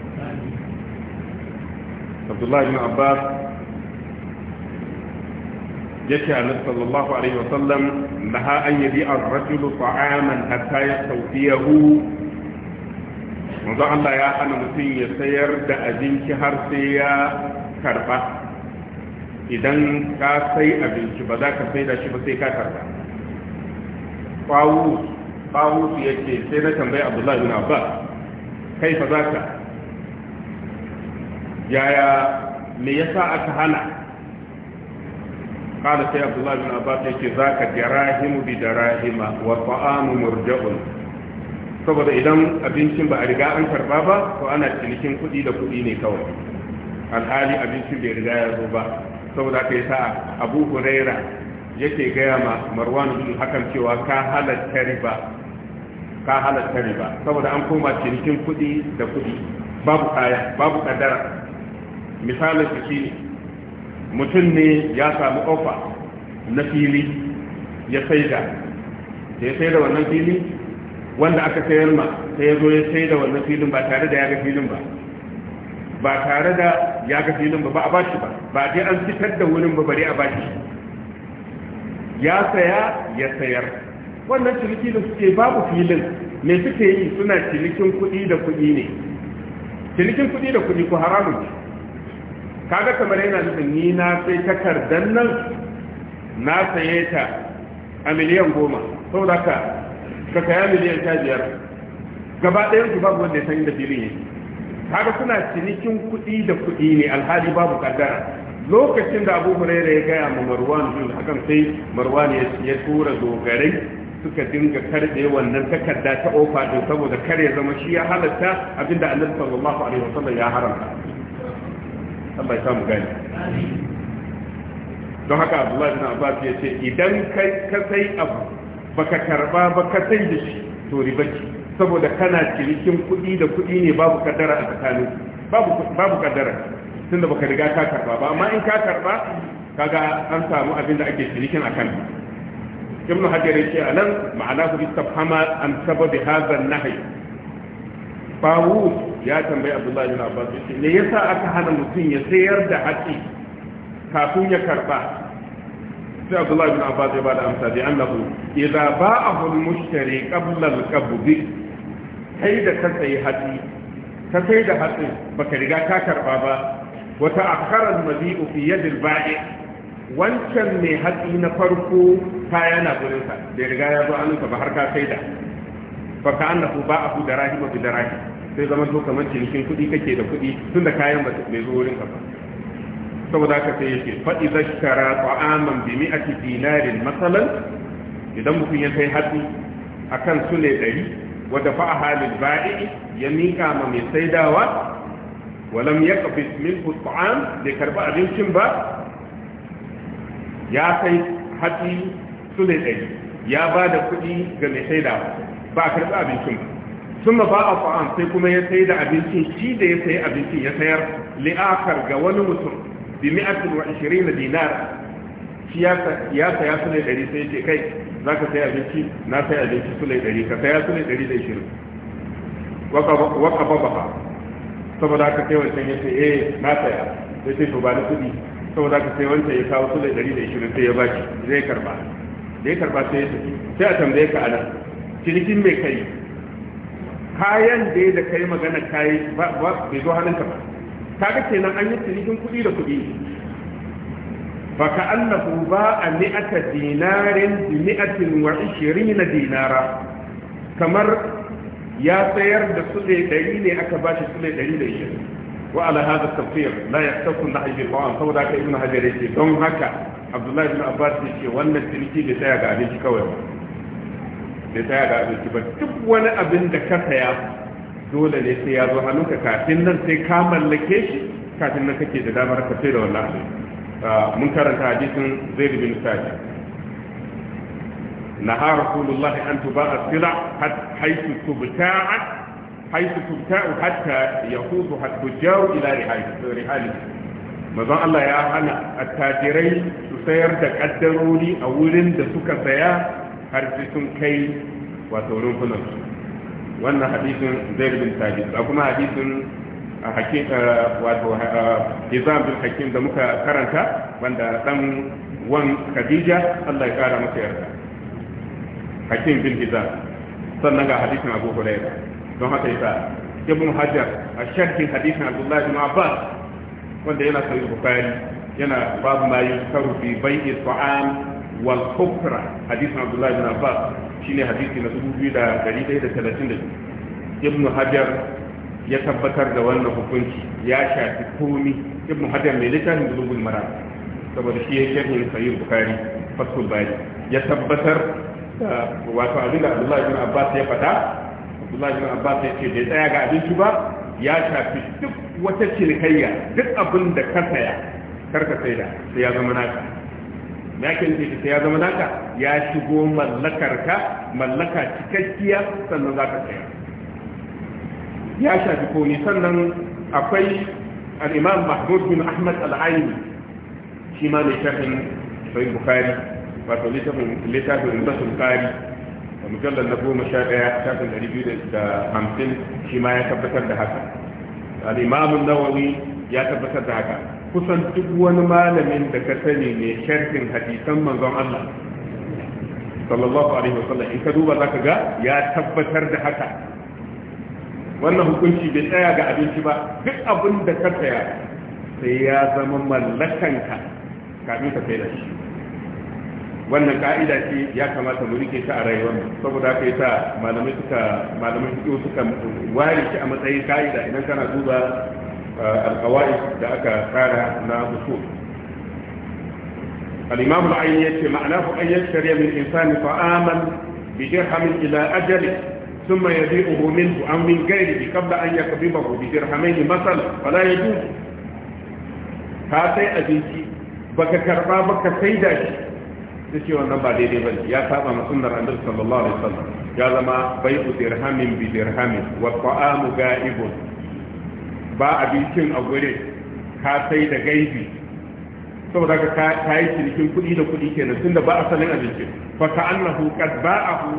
abdullahi bin abbas yake annabi sallallahu alaihi wa sallam laha an yabi ar-rajulu ta'aman hatta yastawfiyahu manzo Allah ya hana mutum ya sayar da abinci har sai ya karba idan ka sai abinci ba za ka sai da shi ba sai ka karba tawus ya yake sai na tambayi abdullahi bin Abba, kai fa za ka? yaya me sa aka hana sai Abdullahi قال سي عبد الله za ka jarahimu bi دراهم wa fa'amu murja'un saboda idan abincin ba a riga an karba ba to ana cinikin kuɗi da kuɗi ne kawai alhali abincin bai riga ya zo ba saboda ka yi sa abu huraira yake gaya ma marwan bin hakan cewa ka halatta riba ka halatta riba saboda an koma cinikin kudi da kudi babu kaya babu kadara misalin shi mutum ne ya samu ofa na fili ya saida da ya saida wannan fili wanda aka sayar ma sai ya zo ya saida wannan filin ba tare da ya ga filin ba ba tare da ya ga filin ba ba a bashi ba ba dai an fitar da wurin ba bare a bashi ya saya ya sayar wannan ciniki da suke babu filin me suke yi suna cinikin kuɗi da kuɗi ne cinikin kuɗi da kuɗi ko haramun ne kaga kamar yana nufin ni na sai takardar nan na saye ta a miliyan goma saboda ka ka saya miliyan sha biyar gaba ɗayan su babu wanda ya san inda filin yake kaga suna cinikin kuɗi da kuɗi ne alhali babu kaddara lokacin da abu hulaira ya gaya ma marwan bin hakan sai marwan ya tura dogarai suka dinga karɓe wannan takarda ta ofa ɗin saboda kar ya zama shi ya halatta abinda annabi sallallahu alaihi wasallam ya haramta Allah ya samu gani don haka Abdullahi bin Abbas ya ce idan kai ka sai abu baka karba ba ka sai da shi to ribaci saboda kana cikin kuɗi da kuɗi ne babu kaddara a tsakanin babu babu kaddara tunda baka riga ka karba ba amma in ka karba kaga an samu abin da ake cinikin akan ibnu hajar yake a nan ma'ana su istafhama an sababi hadha nahi nahy ya tambayi Abdullahi bin Abbas yace me yasa aka hana mutum ya sayar da haƙi kafin ya karba sai Abdullahi bin Abbas ya bada amsa da annahu idza ba'ahu al-mushtari qabla al qabdi kai da ka sayi haƙi ka sai da hatsi baka riga ka karba ba wata akarar mabi'u fi yadil ba'i wancan mai hatsi na farko kaya na gurinsa da riga ya zo hannunsa ba har ka sai da fa ka annahu ba abu da rahima bi da rahim sai zaman to kamar cinikin kuɗi kake da kuɗi tun da kayan ba bai zo wurin ka ba saboda haka sai yake fa idza shara ta'aman bi mi'ati dinarin masalan idan mutum ya kai hatsi akan sule ɗari, wa dafa'a halin ba'i ya mika ma mai saidawa walam ya kafi min hutsu'an bai karba abincin ba ya kai hatsi su ne ɗari ya ba da kuɗi ga mai saida ba a karɓi abincin ba sun ba a fa'an sai kuma ya sai da abincin shi da ya sayi abincin ya sayar li'akar ga wani mutum bi mi'atin wa ishirin na dinar shi ya saya su ne ɗari sai ce kai za ka sayi abinci na sai abinci su ne ɗari ka saya su ne ɗari da ishirin waka ba ba saboda haka kai wancan ya ce eh na tsaya. ya ce to ba ni kuɗi saboda haka sai wancan ya kawo da dari da ishirin sai ya ba shi. zai karba zai karba sai ya tafi sai a tambaye ka anan cinikin mai kai kayan da da kai magana kai ba bai zo hannunka ba ga kenan an yi cinikin kuɗi da kuɗi fa ka annahu ba a mi'ata dinarin bi mi'atin wa 20 dinara kamar ya tsayar da sule ɗari ne aka ba shi sule ɗari da ishirin wa ala hada tafsir la yaktasu na ajin bawan saboda haka ibnu hajar yake don haka abdullahi ibn abbas yake wannan ciniki bai tsaya ga abinci kawai ba bai tsaya ga abinci ba duk wani abin da ka saya dole ne sai ya zo hannunka kafin nan sai ka mallake shi kafin nan kake da damar ka sai da wannan abin ah, mun karanta hadisin zaid bin sa'id نهى رسول الله أن تباع السلع حيث تبتاعت حيث تبتاع حتى يخوضها التجار إلى رحاله Maza Allah ya hana attajirai su sayar da kaddarori a wurin da suka saya har sai sun kai wato rumfunan wannan hadisin zai bin sabit a kuma hadisin a hakim wato hizam bin hakim da muka karanta wanda dan wan khadija Allah ya kara masa yarda hakim bin hizam sannan ga hadisin abu huraira don haka yasa ibn hajar a sharhin hadisin abdullahi bin abbas wanda yana sahih bukari yana babu mayu yusaru fi bai'i ta'am wal kufra hadisin abdullahi bin abbas shine hadisi na dubu biyu da da gari daya talatin 2132 ibn hajar ya tabbatar da wannan hukunci ya shafi komi ibn hajar mai littafin bulugul mara saboda shi ya sharhin sahih bukari fatul bayi ya tabbatar wato abin da abdullahi bin abbas ya fata, abdullahi bin abbas ya ce bai tsaya ga abinci ba ya shafi duk wata cinikayya duk abin da ka saya karka sai da sai ya zama naka ya ke nufi sai ya zama naka ya shigo mallakar ka mallaka cikakkiya sannan za ka saya ya shafi koni sannan akwai al-imam mahmud bin ahmad al-aini shi ma mai shafin sai bukhari wato littafin rasul kari da mujallar na goma sha ɗaya shafin ɗari biyu da hamsin shi ma ya tabbatar da haka al'imamun nawawi ya tabbatar da haka kusan duk wani malamin da ka sani ne sharhin hadisan manzon Allah sallallahu alaihi wa sallam. in ka duba za ka ga ya tabbatar da haka wannan hukunci bai tsaya ga abinci ba duk abin da ka tsaya sai ya zama mallakanka kafin ka sai da shi wannan ka'ida ce ya kamata mu rike ta a rayuwar mu saboda kai ta malamai suka malamai suka suka ware shi a matsayin ka'ida idan kana duba alqawaid da aka tsara na usul al-imam al-ayn yace ma'ana fa an yashtari min insani fa aman bi dirhamin ila ajali thumma ثم يبيعه منه أو من غيره قبل أن يقبضه بدرهمين مثلا yajuz ka sai abinci baka karba baka saida shi duk cewa nan ba daidai ba ya saba ma sunnar annabi sallallahu alaihi wasallam ya zama bai'u dirhamin bi dirhamin wa ta'amu ga'ibun ba abincin a gure ka sai da gaibi saboda ka ka yi cinikin kuɗi da kuɗi kenan tunda ba asalin abincin fa ka'annahu qad ba'ahu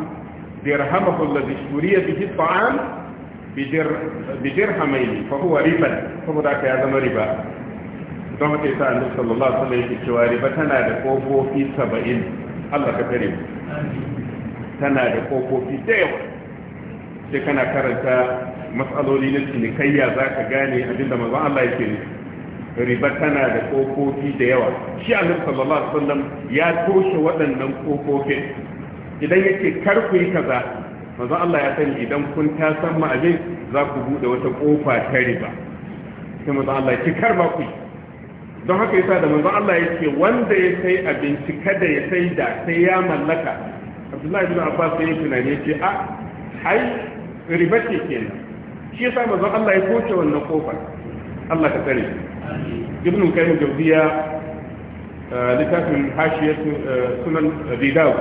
dirhamahu alladhi shuriya bihi ta'am bi dirhamaini fa huwa riba saboda ka ya zama riba don haka yasa annabi sallallahu alaihi wasallam yake cewa riba tana da ƙofofi saba'in Allah ka tare mu tana da ƙofofi da yawa sai kana karanta matsaloli na cinikayya za ka gane abinda manzon Allah yake ne riba tana da ƙofofi da yawa shi annabi sallallahu alaihi wasallam ya toshe waɗannan kofofin idan yake kar ku yi kaza manzon Allah ya sani idan kun ta san ma za ku bude wata ƙofa ta riba sai manzon Allah ki kar ku yi don haka yasa da manzon Allah ya ce wanda ya sai abinci kada ya sai da sai ya mallaka Abdullahi bin Abbas sai ya tunani ya ce a ai riba ce kenan shi yasa manzon Allah ya koce wannan kofar Allah ka tsare Ibn Qayyim Jawziya eh, littafin hashiyatu eh, sunan Abi Dawud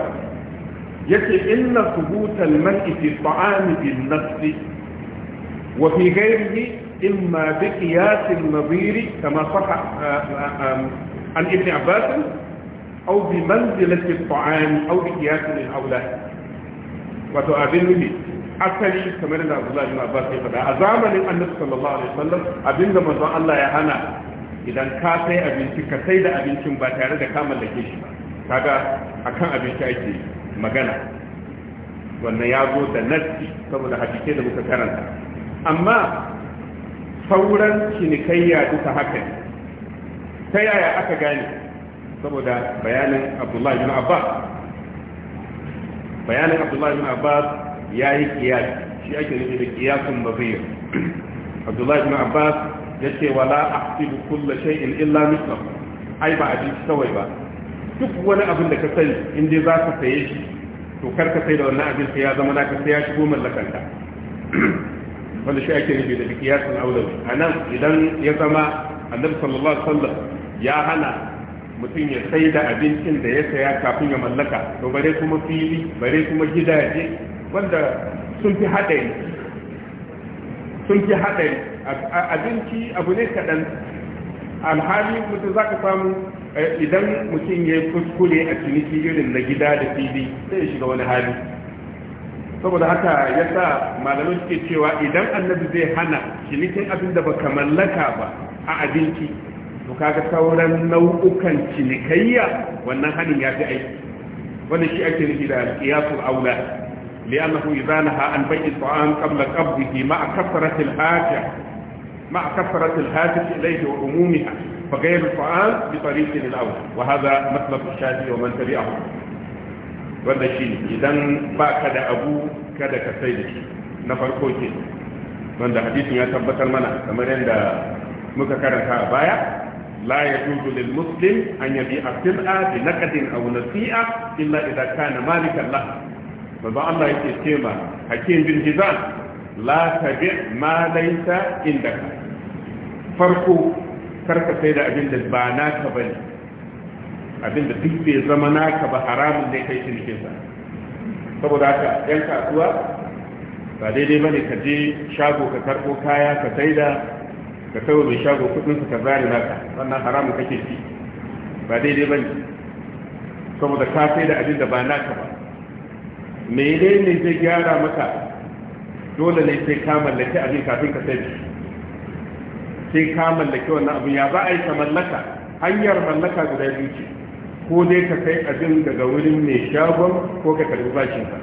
يكي إلا ثبوت المرء في الطعام بالنفس وفي غيره إما بقياس النظير كما صح عن ابن عباس أو بمنزلة الطعام أو بقياس الأولاد وتؤذنني asali kamar da Abdullah ibn Abbas ya faɗa a zamanin Annabi sallallahu alaihi wasallam abinda manzon Allah ya hana idan ka sai abinci ka sai da abincin ba tare da ka mallake shi ba kaga akan abinci ake magana wannan ya zo da nassi saboda hadisi da muka karanta amma sauran cinikayya duka haka ne ta yaya aka gane saboda bayanin abdullahi bin abbas bayanin abdullahi bin abbas ya yi kiyas shi ake nufi da kiyasun bazir abdullahi bin abbas ya ce wala a ahsibu kulla shay'in illa mithla ai ba a ji kawai ba duk wani abin da ka sani in dai za ka saye shi to kar ka sai da wannan abin sai ya zama naka sai ya shigo mallakanta. wanda shi ake nufi da kiyasun aulawi a nan idan ya zama annabi sallallahu alaihi wasallam ya hana mutum ya sai da abincin da ya saya kafin ya mallaka to bare kuma fili bare kuma gidaje wanda sun fi haɗari sun fi haɗari abinci abu ne kaɗan alhali mutum za ka samu eh, idan mutum ya kuskure a ciniki irin na gida da fili sai ya shiga wani hali saboda haka ya sa malamai suke cewa idan annabi zai hana cinikin abin da baka mallaka ba a abinci to kaga sauran nau'ukan cinikayya wannan hanin ya fi aiki wannan shi ake nufi da alqiyasul aula li'annahu idza naha an bai'i ta'am qabla qabdihi ma'a kasrati haja ma'a kasrati al-haja ilayhi wa umumiha fa ghayru ta'am bi tariqin al-awla shafi wanda shi idan ba ka da abu kada ka sai da shi na farko ke wanda hadisin ya tabbatar mana kamar yadda muka karanta a baya la yajuzu lil muslim an yabi as-sil'a bi naqdin aw nasi'a illa idza kana malikan la manzo Allah yake cewa hakim bin hizan la tabi ma laysa indaka farko karka sai da abin da ba naka bane abinda duk bai zama naka ba haramun ne kai cinikin sa saboda haka yan kasuwa ba daidai ba ne ka je shago ka karbo kaya ka saida ka kawo mai shago kudin ka zare naka wannan haramun kake ci ba daidai ba ne saboda ka saida abinda ba naka ba ne zai gyara maka dole ne sai ka mallaki abin kafin ka sai sai ka mallaki wannan abin ya ba a yi ka mallaka hanyar mallaka guda biyu ce ko dai ka kai abin daga wurin mai shagon ko ka karbi bashin ka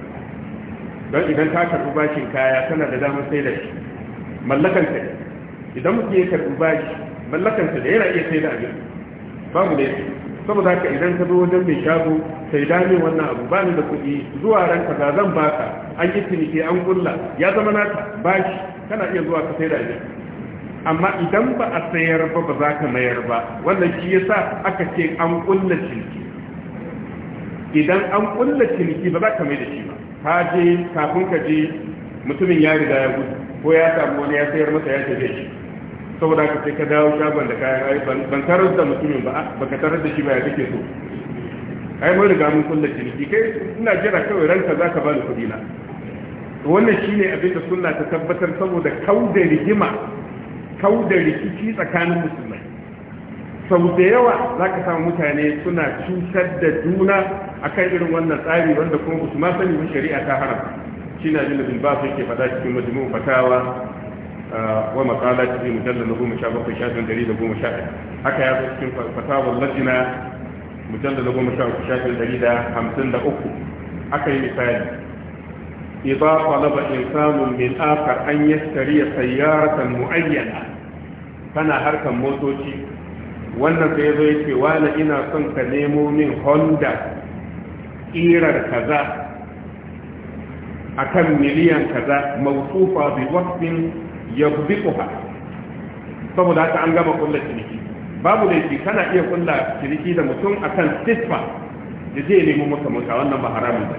don idan ka karbi bashin kaya tana da damar sai da shi mallakanta idan mutum ya karbi bashi mallakanta da yana iya sai da abin babu da yake saboda haka idan ka zo wajen mai shago sai dame wannan abu ba ni da kuɗi zuwa ran kaza zan baka an yi ciniki an kulla ya zama naka bashi kana iya zuwa ka sai da abin amma idan ba a sayar ba ba za ka mayar ba wannan shi yasa aka ce an kulla ciniki idan an kulla ciniki ba za ka mai da shi ba ka je kafin ka je mutumin ya riga ya gudu ko ya samu wani ya sayar masa ya tafi shi saboda ka ce ka dawo shagon da kayan ai ban tarar da mutumin ba ba ka tarar da shi ba ya kake so ai mun riga mun kulla ciniki kai ina jira kawai ranka za ka bani kuɗi na wannan shine abin da sunna ta tabbatar saboda kauda rigima kau da rikici tsakanin musulmai sau da yawa za ka samu mutane suna cutar da juna a kan irin wannan tsari wanda kuma ba su ma sani ba shari'a ta haram shi na jin zimba basu yake faɗa cikin majmu'u fatawa uh, wa maqala cikin mujallal goma sha bakwai shafin dari da goma sha ɗaya haka ya zo cikin fatawar lajina mujallal goma sha uku shafin dari da hamsin da uku aka yi misali إذا طلب إنسان من آخر أن يشتري سيارة mu'ayyana. kana harkar motoci wannan sai ya zo ya yake wala ina son ka nemo min honda ƙirar kaza akan miliyan kaza mawsufa bi ya yabdiquha saboda haka an gama kulla ciniki babu da laifi kana iya kulla ciniki da mutum akan siffa da zai nemo maka maka wannan ba haramun ba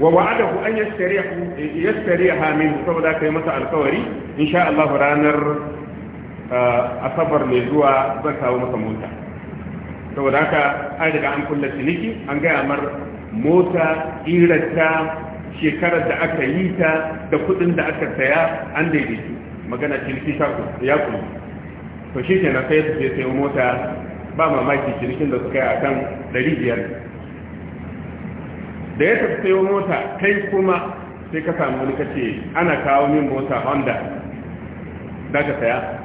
wa wa'adahu an yastarihu ha min saboda kai masa alkawari insha Allah ranar a asabar mai zuwa zan kawo maka mota saboda haka an riga an kulla ciniki an gaya mar mota irarta shekarar da aka yi ta da kudin da aka saya an daidaitu magana ciniki ya kuma to shi ke na sai su je sayo mota ba mamaki cinikin da suka yi a kan biyar. da ya tafi sayo mota kai kuma sai ka samu wani kace ana kawo min mota honda da ka saya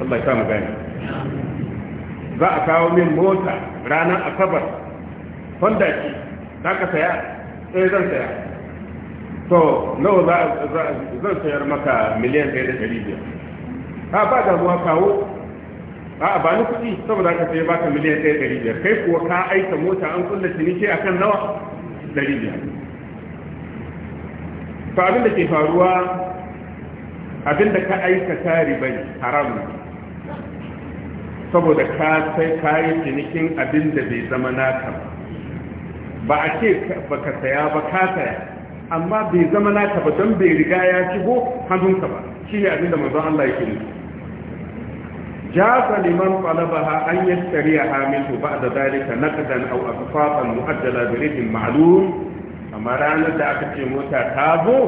Allah ya samu gani za a kawo min mota ranar asabar honda ce za ka saya sai eh, zan saya to nawa za zan sayar maka miliyan ɗaya da ɗari biyar ba ba damuwa kawo a ba ni kuɗi saboda ka sai baka miliyan ɗaya ɗari biyar kai kuwa ka aika mota an kulla ciniki a kan nawa ɗari biyar to abin da ke faruwa abin da ka aikata riba ne haram ne saboda ka sai kayi cinikin abin da bai zama naka ba a ce baka saya ba ka saya amma bai zama naka ba don bai riga ya shigo hannunka ba shi ne abin da manzon Allah yake nufi jaza liman ha an yastariya hamilu ba'da dalika naqdan aw aqfatan mu'addala bi rijin ma'lum amma ranar da aka ce mota ta zo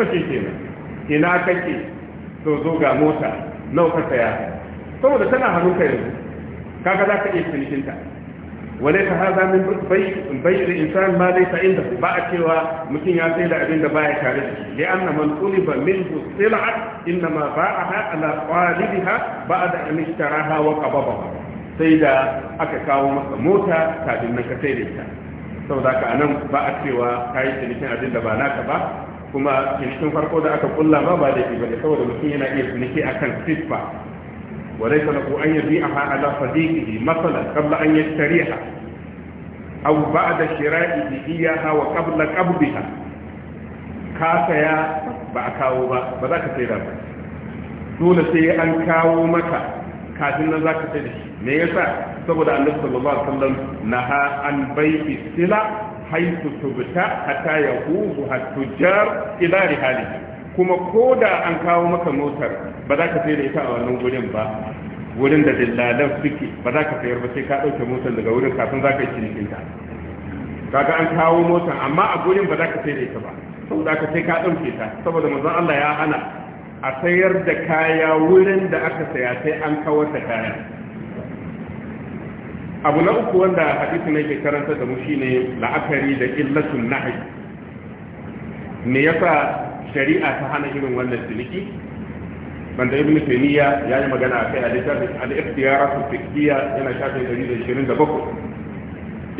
to shi kenan ina kake to zo ga mota nau ka saya saboda tana hannunka yanzu kaga za ka iya cinikinta wale ta haza min bai da insan ma dai ta inda ba a cewa mutum ya sai da abin da baya tare da shi li anna man ba min sil'at inna ma ba'aha ala da ba'da an ishtaraha wa qababa sai da aka kawo masa mota kafin nan ka sai da ita saboda ka anan ba a cewa yi cinikin abin da ba naka ba kuma cikin farko da aka kulla ba ba da ba saboda mutum yana iya ciniki akan ba. وليس له أن يبيعها على صديقه مثلا قبل أن يشتريها أو بعد شرائه إياها وقبل قبضها كاسيا بأكاو با بذاك سيدا با دولة سي أن كاو مكا كاسنا ذاك سيدا me yasa saboda annabi sallallahu alaihi wasallam naha an bai'i sila haythu tubta hatta yahubu hattujar ila rihalihi kuma ko da an kawo maka motar ba za ka sayar da ita a wannan gurin ba wurin da dillalan suke ba za ka sayar ba sai ka ɗauke motar daga wurin kafin za ka yi cinikin ta kaga an kawo motar amma a gurin ba za ka sayar da ita ba saboda ka sai ka ɗauke ta saboda manzon Allah ya hana a sayar da kaya wurin da aka saya sai an kawar da kaya abu na uku wanda hadisi ne ke karanta da mu shine la'akari da illatul nahy me yasa shari'a ta hana irin wannan ciniki banda ibn taymiya ya yi magana a kai a littafin al-ikhtiyaratu fiqhiyya yana shafin 127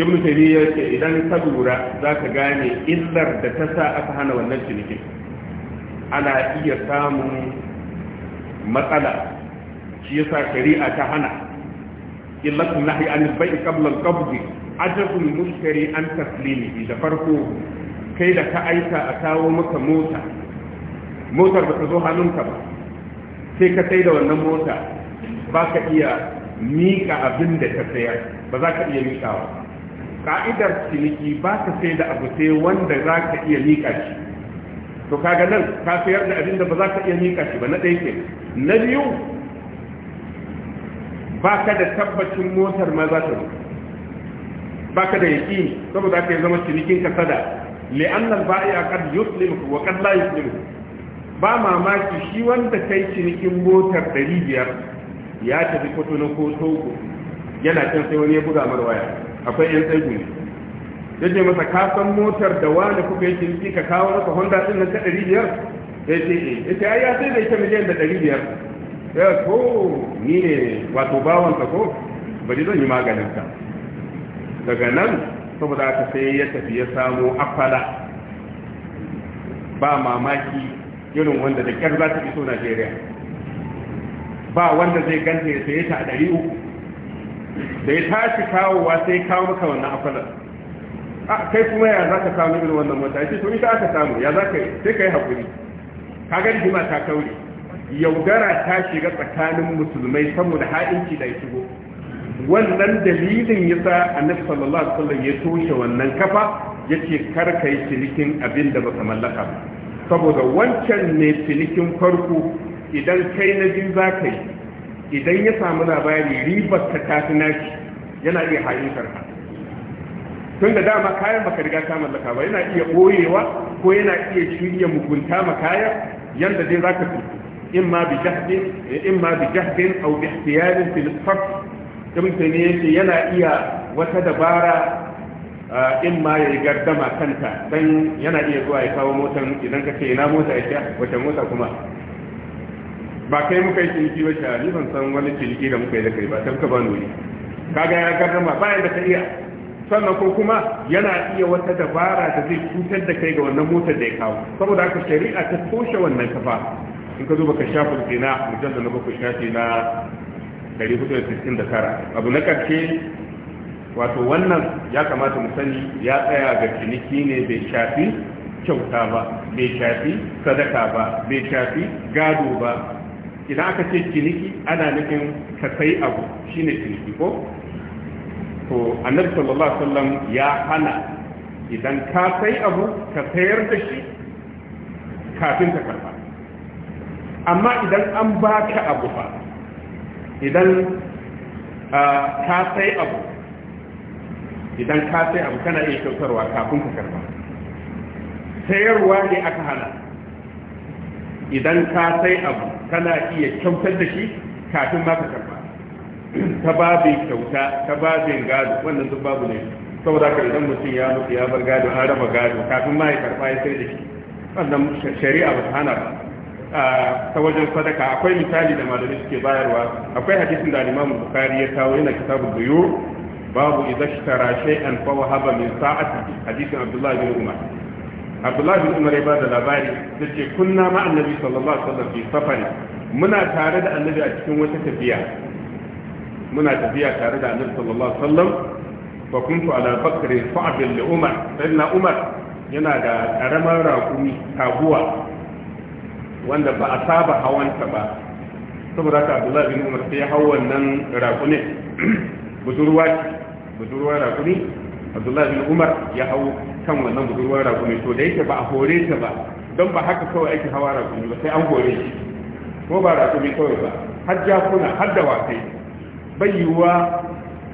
ibn taymiya yake idan ka lura zaka gane illar da ta sa aka hana wannan cinikin ana iya samun matsala shi yasa shari'a ta hana illatu nahi an bai qabla al-qabd ajabul mushtari an taslimihi da farko kai da ka aika a kawo maka mota motar ba ta zo hannunka ba sai ka sai da wannan mota ba ka iya miƙa abin da ta sayar ba za ka iya miƙawa ka'idar ciniki ba ka sai da abu sai wanda za ka iya mika shi to kaga nan ka sayar da abin da ba za ka iya mika shi ba na ɗaya ke na biyu ba ka da tabbacin motar ma za ta zo ba ka da yaƙi saboda ka yi zama cinikin kasada li'annan ba'i a kan yuslim wa kan la yuslim ba mamaki shi wanda kai cinikin motar ɗari biyar ya tafi na ko uku. yana can sai wani ya buga mar waya akwai yan tsaigu ne ya ce masa ka san motar da wani kuka yi ciniki ka kawo masa honda ɗin nan ta ɗari biyar ya ce eh. ya ce ya sai zai ita miliyan da ɗari biyar ya ko ni ne wato bawansa ko bari zan yi maganin ka daga nan saboda aka sai ya tafi ya samo afala ba mamaki irin wanda da kyar za ta iso najeriya ba wanda zai ganta ya saye ta a ɗari uku da ya tashi kawowa sai kawo maka wannan afalar a kai kuma ya za ka samu irin wannan mota ya ce to ita aka samu ya za ka yi sai ka yi haƙuri ka ga rigima ta kauri yaudara ta shiga tsakanin musulmai saboda ha'inci da ya shigo wannan dalilin ya sa annabi sallallahu alaihi wasallam ya toshe wannan kafa yace kar kai cinikin abin da baka mallaka ba saboda wancan ne finikin farko idan kai na biyu za ka yi idan ya samu labari ribar ta tafi nashi yana iya ha'intar tun da dama kayan baka riga ka mallaka ba yana iya ɓoyewa ko yana iya shirya mugunta ma kayan yadda dai za ka fi in ma bi jahdin in bi ihtiyarin fil ibn yana iya wata dabara in ma ya yi gardama kanta dan yana iya zuwa ya kawo motar idan ka ce ina mota ya wata mota kuma ba kai muka yi ciniki ba sha ni ban san wani ciniki da muka yi da kai ba sai ka ba nuni kaga ya gardama bayan da ka iya sannan ko kuma yana iya wata dabara da zai cutar da kai ga wannan motar da ya kawo saboda haka shari'a ta toshe wannan kafa in ka zo baka shafa zina mujalla na bakwai shafi na 469 abu na karshe wato wannan ya kamata mu sani ya tsaya ga ciniki ne bai shafi kyauta ba bai shafi sadaka ba bai shafi gado ba idan aka ce ciniki ana nufin ka sai abu shine ciniki ko to annabi sallallahu alaihi wasallam ya hana idan ka sai abu ka sayar da shi kafin ka karba amma idan an baka abu ba idan ah, ka sai abu idan ka sai abu kana iya kyautarwa kafin ka karba sayarwa ne aka hana idan ka sai abu kana iya kyautar da shi kafin ma ka karba ta babin kyauta ta babin gado wannan duk babu ne saboda ka idan mutum ya mutu ya bar gado an raba gado kafin ma ya karba ya sai da shi wannan shari'a ba ta hana ba ta wajen sadaka akwai misali da malamai suke bayarwa akwai hadisin da alimamu bukari ya kawo yana kitabu buyu babu idza ishtara shay'an fa wahaba min sa'ati hadisin abdullahi bin umar abdullahi bin umar ya bada labari yace kunna ma annabi sallallahu alaihi wasallam fi safari muna tare da annabi a cikin wata tafiya muna tafiya tare da annabi sallallahu alaihi wasallam fa kuntu ala bakri fa'd li umar sayyidina umar yana da karamar raƙumi taguwa wanda ba a saba ba saboda haka abdullahi bin umar sai ya hau wannan raƙumin budurwa budurwar rakumi abdullahi bin umar ya hau kan wannan budurwar rakumi to da yake ba a hore ta ba don ba haka kawai ake hawa rakumi ba sai an hore shi ko ba rakumi kawai ba har jakuna har da wasai bai yiwuwa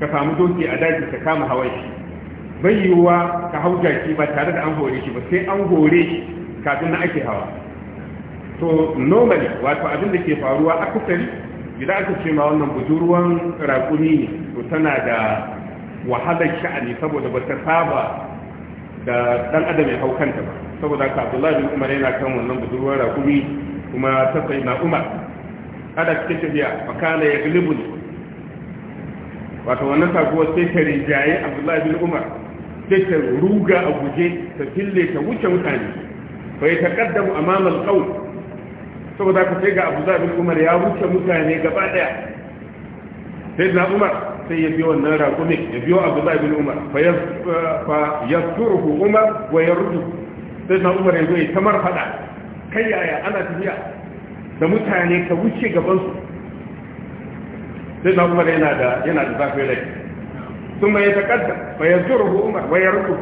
ka samu doki a daji ka kama hawan shi bai yiwuwa ka hau jaki ba tare da an hore shi ba sai an hore shi kafin na ake hawa to normally wato abin da ke faruwa akasari idan aka ce ma wannan budurwan rakumi ne to tana da wahalar sha'ani saboda ba ta saba da dan adam ya hau kanta ba saboda haka abdullahi bin umar yana kan wannan budurwar rakumi kuma ta sai na umar kada cikin tafiya makala ya gilibu wato wannan sabuwar sai ta rijaye abdullahi bin umar sai ta ruga a guje ta fille ta wuce mutane bai ta kaddamu amamal qaul saboda haka sai ga abdullahi bin umar ya wuce mutane gaba daya sai na umar sai ya biyo wannan raƙumi ya biyo abdullahi bin umar fa yasturhu umar wa yardu sai na umar ya zo ya tamar fada kai yaya ana tafiya da mutane ka wuce gaban su sai na umar yana da yana da zafi rai sun mai taƙadda fa yasturhu umar wa yardu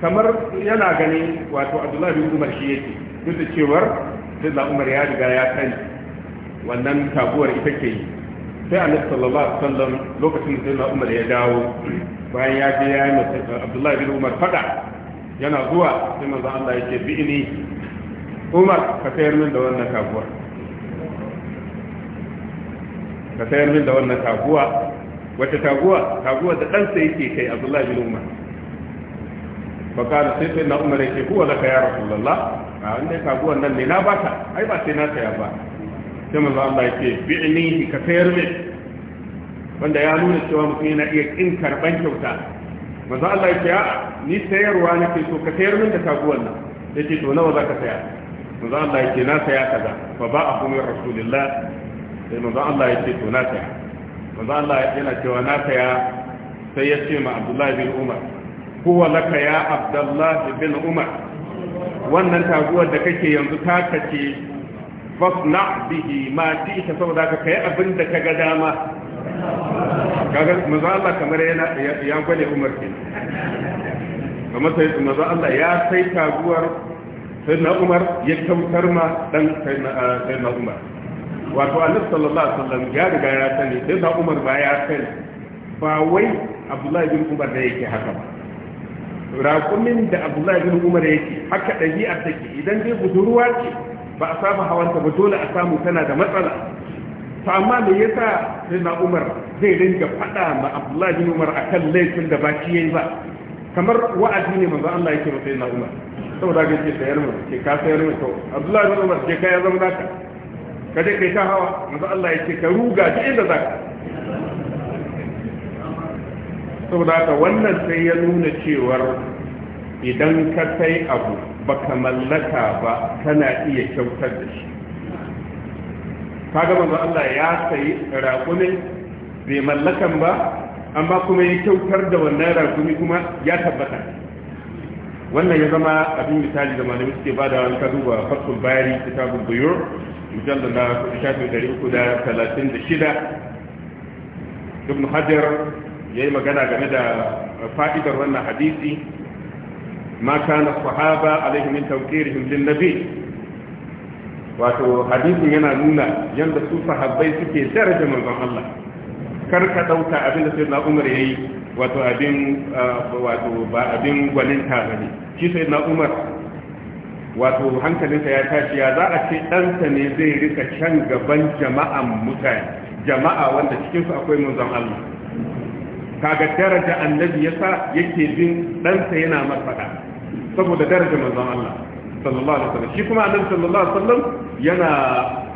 kamar yana gani wato abdullahi bin umar shi yake duk da cewar sai na umar ya riga ya sani wannan taguwar ita ke yi sai annabi sallallahu alaihi wasallam lokacin da sayyidina Umar ya dawo bayan ya je ya yi Abdullahi bin Umar fada yana zuwa sai manzo Allah yake bi ni Umar ka tayar min da wannan kafuwa ka sayar min da wannan kafuwa wata taguwa? Taguwa da dan sai yake kai Abdullahi bin Umar fa kana sai sayyidina Umar yake huwa laka ya Rasulullah a inda kaguwan nan ne na bata ai ba sai na saya ba sai manzo Allah ya ce bi'ni ka sayar min wanda ya nuna cewa mutum yana iya ƙin karɓan kyauta manzo Allah ya ce a ni sayarwa na ke so ka sayar min da taguwar nan yace to nawa za ka saya manzo Allah ya ce na saya kaza fa a min rasulillah sai manzo Allah ya ce to na saya manzo Allah yana cewa na saya sai ya ce ma Abdullahi bin Umar huwa laka ya Abdullahi bin Umar wannan taguwar da kake yanzu ta kace fasna bihi ma ita saboda ka kai abin da ga dama kaga maza Allah kamar yana ya gwale Umar ke kamar sai maza Allah ya sai taguwar na Umar ya tautar ma dan sai na ah, Umar wato Allah sallallahu alaihi wasallam ya riga ya sani na Umar ba ya sani ba wai Abdullahi bin Umar da yake haka ba raƙumin da Abdullahi bin Umar yake haka ɗabi'ar take idan dai budurwa ce ba a saba hawanta ba dole a samu tana da matsala to amma me yasa sai na umar zai dinga faɗa ma abdullahi bin umar akan laifin da ba shi yayi ba kamar wa'azi ne manzo Allah yake ba sai na umar saboda ga ce sayar mu ke ka sayar mu to abdullahi bin umar ke ka ya zama naka ka je kai ta hawa manzo Allah yake ka ruga ta inda zaka saboda haka wannan sai ya nuna cewar idan ka sai abu baka mallaka ba kana iya kyautar da shi kaga manzo Allah ya sayi raƙumi bai mallakan ba amma kuma ya kyautar da wannan raƙumi kuma ya tabbata wannan ya zama abin misali da malamai suke ba da ka duba fatul bayari kitabul buyur mujallal na shafi 336 ibn hajar yayi magana game da fa'idar wannan hadisi ma kana sahaba alaihi min tawqirihim lin wato hadisin yana nuna yanda su sahabbai suke daraja manzon Allah kar ka dauka abin da sayyidina Umar yayi wato abin wato ba abin gwanin ta bane shi sayyidina Umar wato hankalinsa ya tashi ya za a ce ɗansa ne zai rika can gaban jama'an mutane jama'a wanda cikinsu akwai manzon Allah kaga daraja annabi yasa yake bin ɗansa yana marfaɗa saboda daraja manzon Allah sallallahu alaihi wasallam shi kuma annabi sallallahu alaihi wasallam yana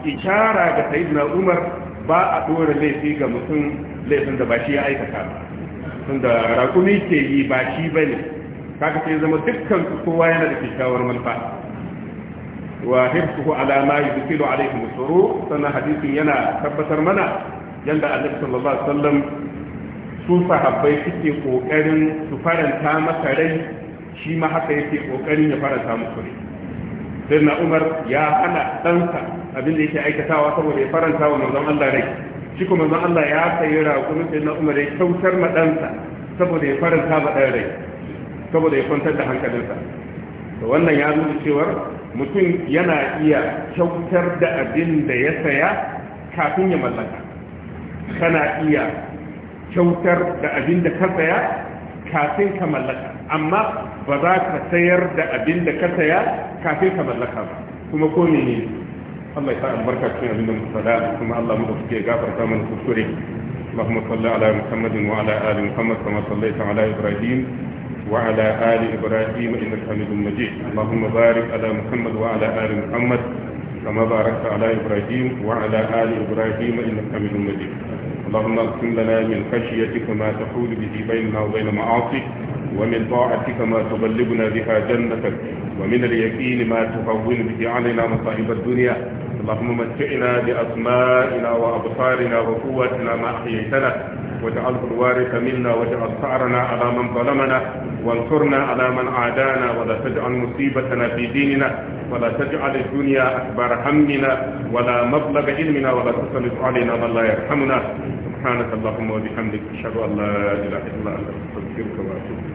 ishara ga sayyidina Umar ba a dora laifi ga mutum laifin da ba shi ya aikata ba tunda rakumi ke yi ba shi bane kaga sai zama dukkan kowa yana da kishawar manfa wa hirsuhu ala ma yudkhilu alayhi musuru sannan hadisin yana tabbatar mana yanda annabi sallallahu alaihi wasallam su sahabbai suke kokarin su faranta masa rai shi ma haka yake kokarin ya faranta muku kuɗi sai na umar ya hana ɗansa abin da yake aikatawa saboda ya faranta wa manzon Allah rai shi kuma manzon Allah ya sayi raƙumin sai na umar ya kyautar ma ɗansa saboda ya faranta ma ɗan rai saboda ya kwantar da hankalinsa to wannan ya nuna cewar mutum yana iya kyautar da abin da ya saya kafin ya mallaka kana iya kyautar da abin da ka saya kafin ka mallaka amma ba za ka sayar da abin da ka saya kafin ka mallaka ba kuma ko ne ne Allah ya sa
albarka cikin abin da muka faɗa kuma Allah mu
suke gafarta mana kuskure اللهم صل على محمد وعلى آل محمد كما صليت على إبراهيم وعلى آل إبراهيم إنك حميد مجيد اللهم بارك على محمد وعلى آل محمد كما باركت على إبراهيم وعلى آل إبراهيم إنك حميد مجيد اللهم اقسم لنا من خشيتك ما تحول به بيننا وبين معاصيك ومن طاعتك ما تبلغنا بها جنتك ومن اليقين ما تهون به علينا مصائب الدنيا اللهم متعنا بأسمائنا وأبصارنا وقوتنا ما أحييتنا واجعله الوارث منا واجعل ثأرنا على من ظلمنا وانصرنا على من عادانا ولا تجعل مصيبتنا في ديننا ولا تجعل الدنيا أكبر همنا ولا مبلغ علمنا ولا تسلط علينا من لا يرحمنا سبحانك اللهم وبحمدك أشهد أن لا إله إلا أنت أستغفرك
وأتوب إليك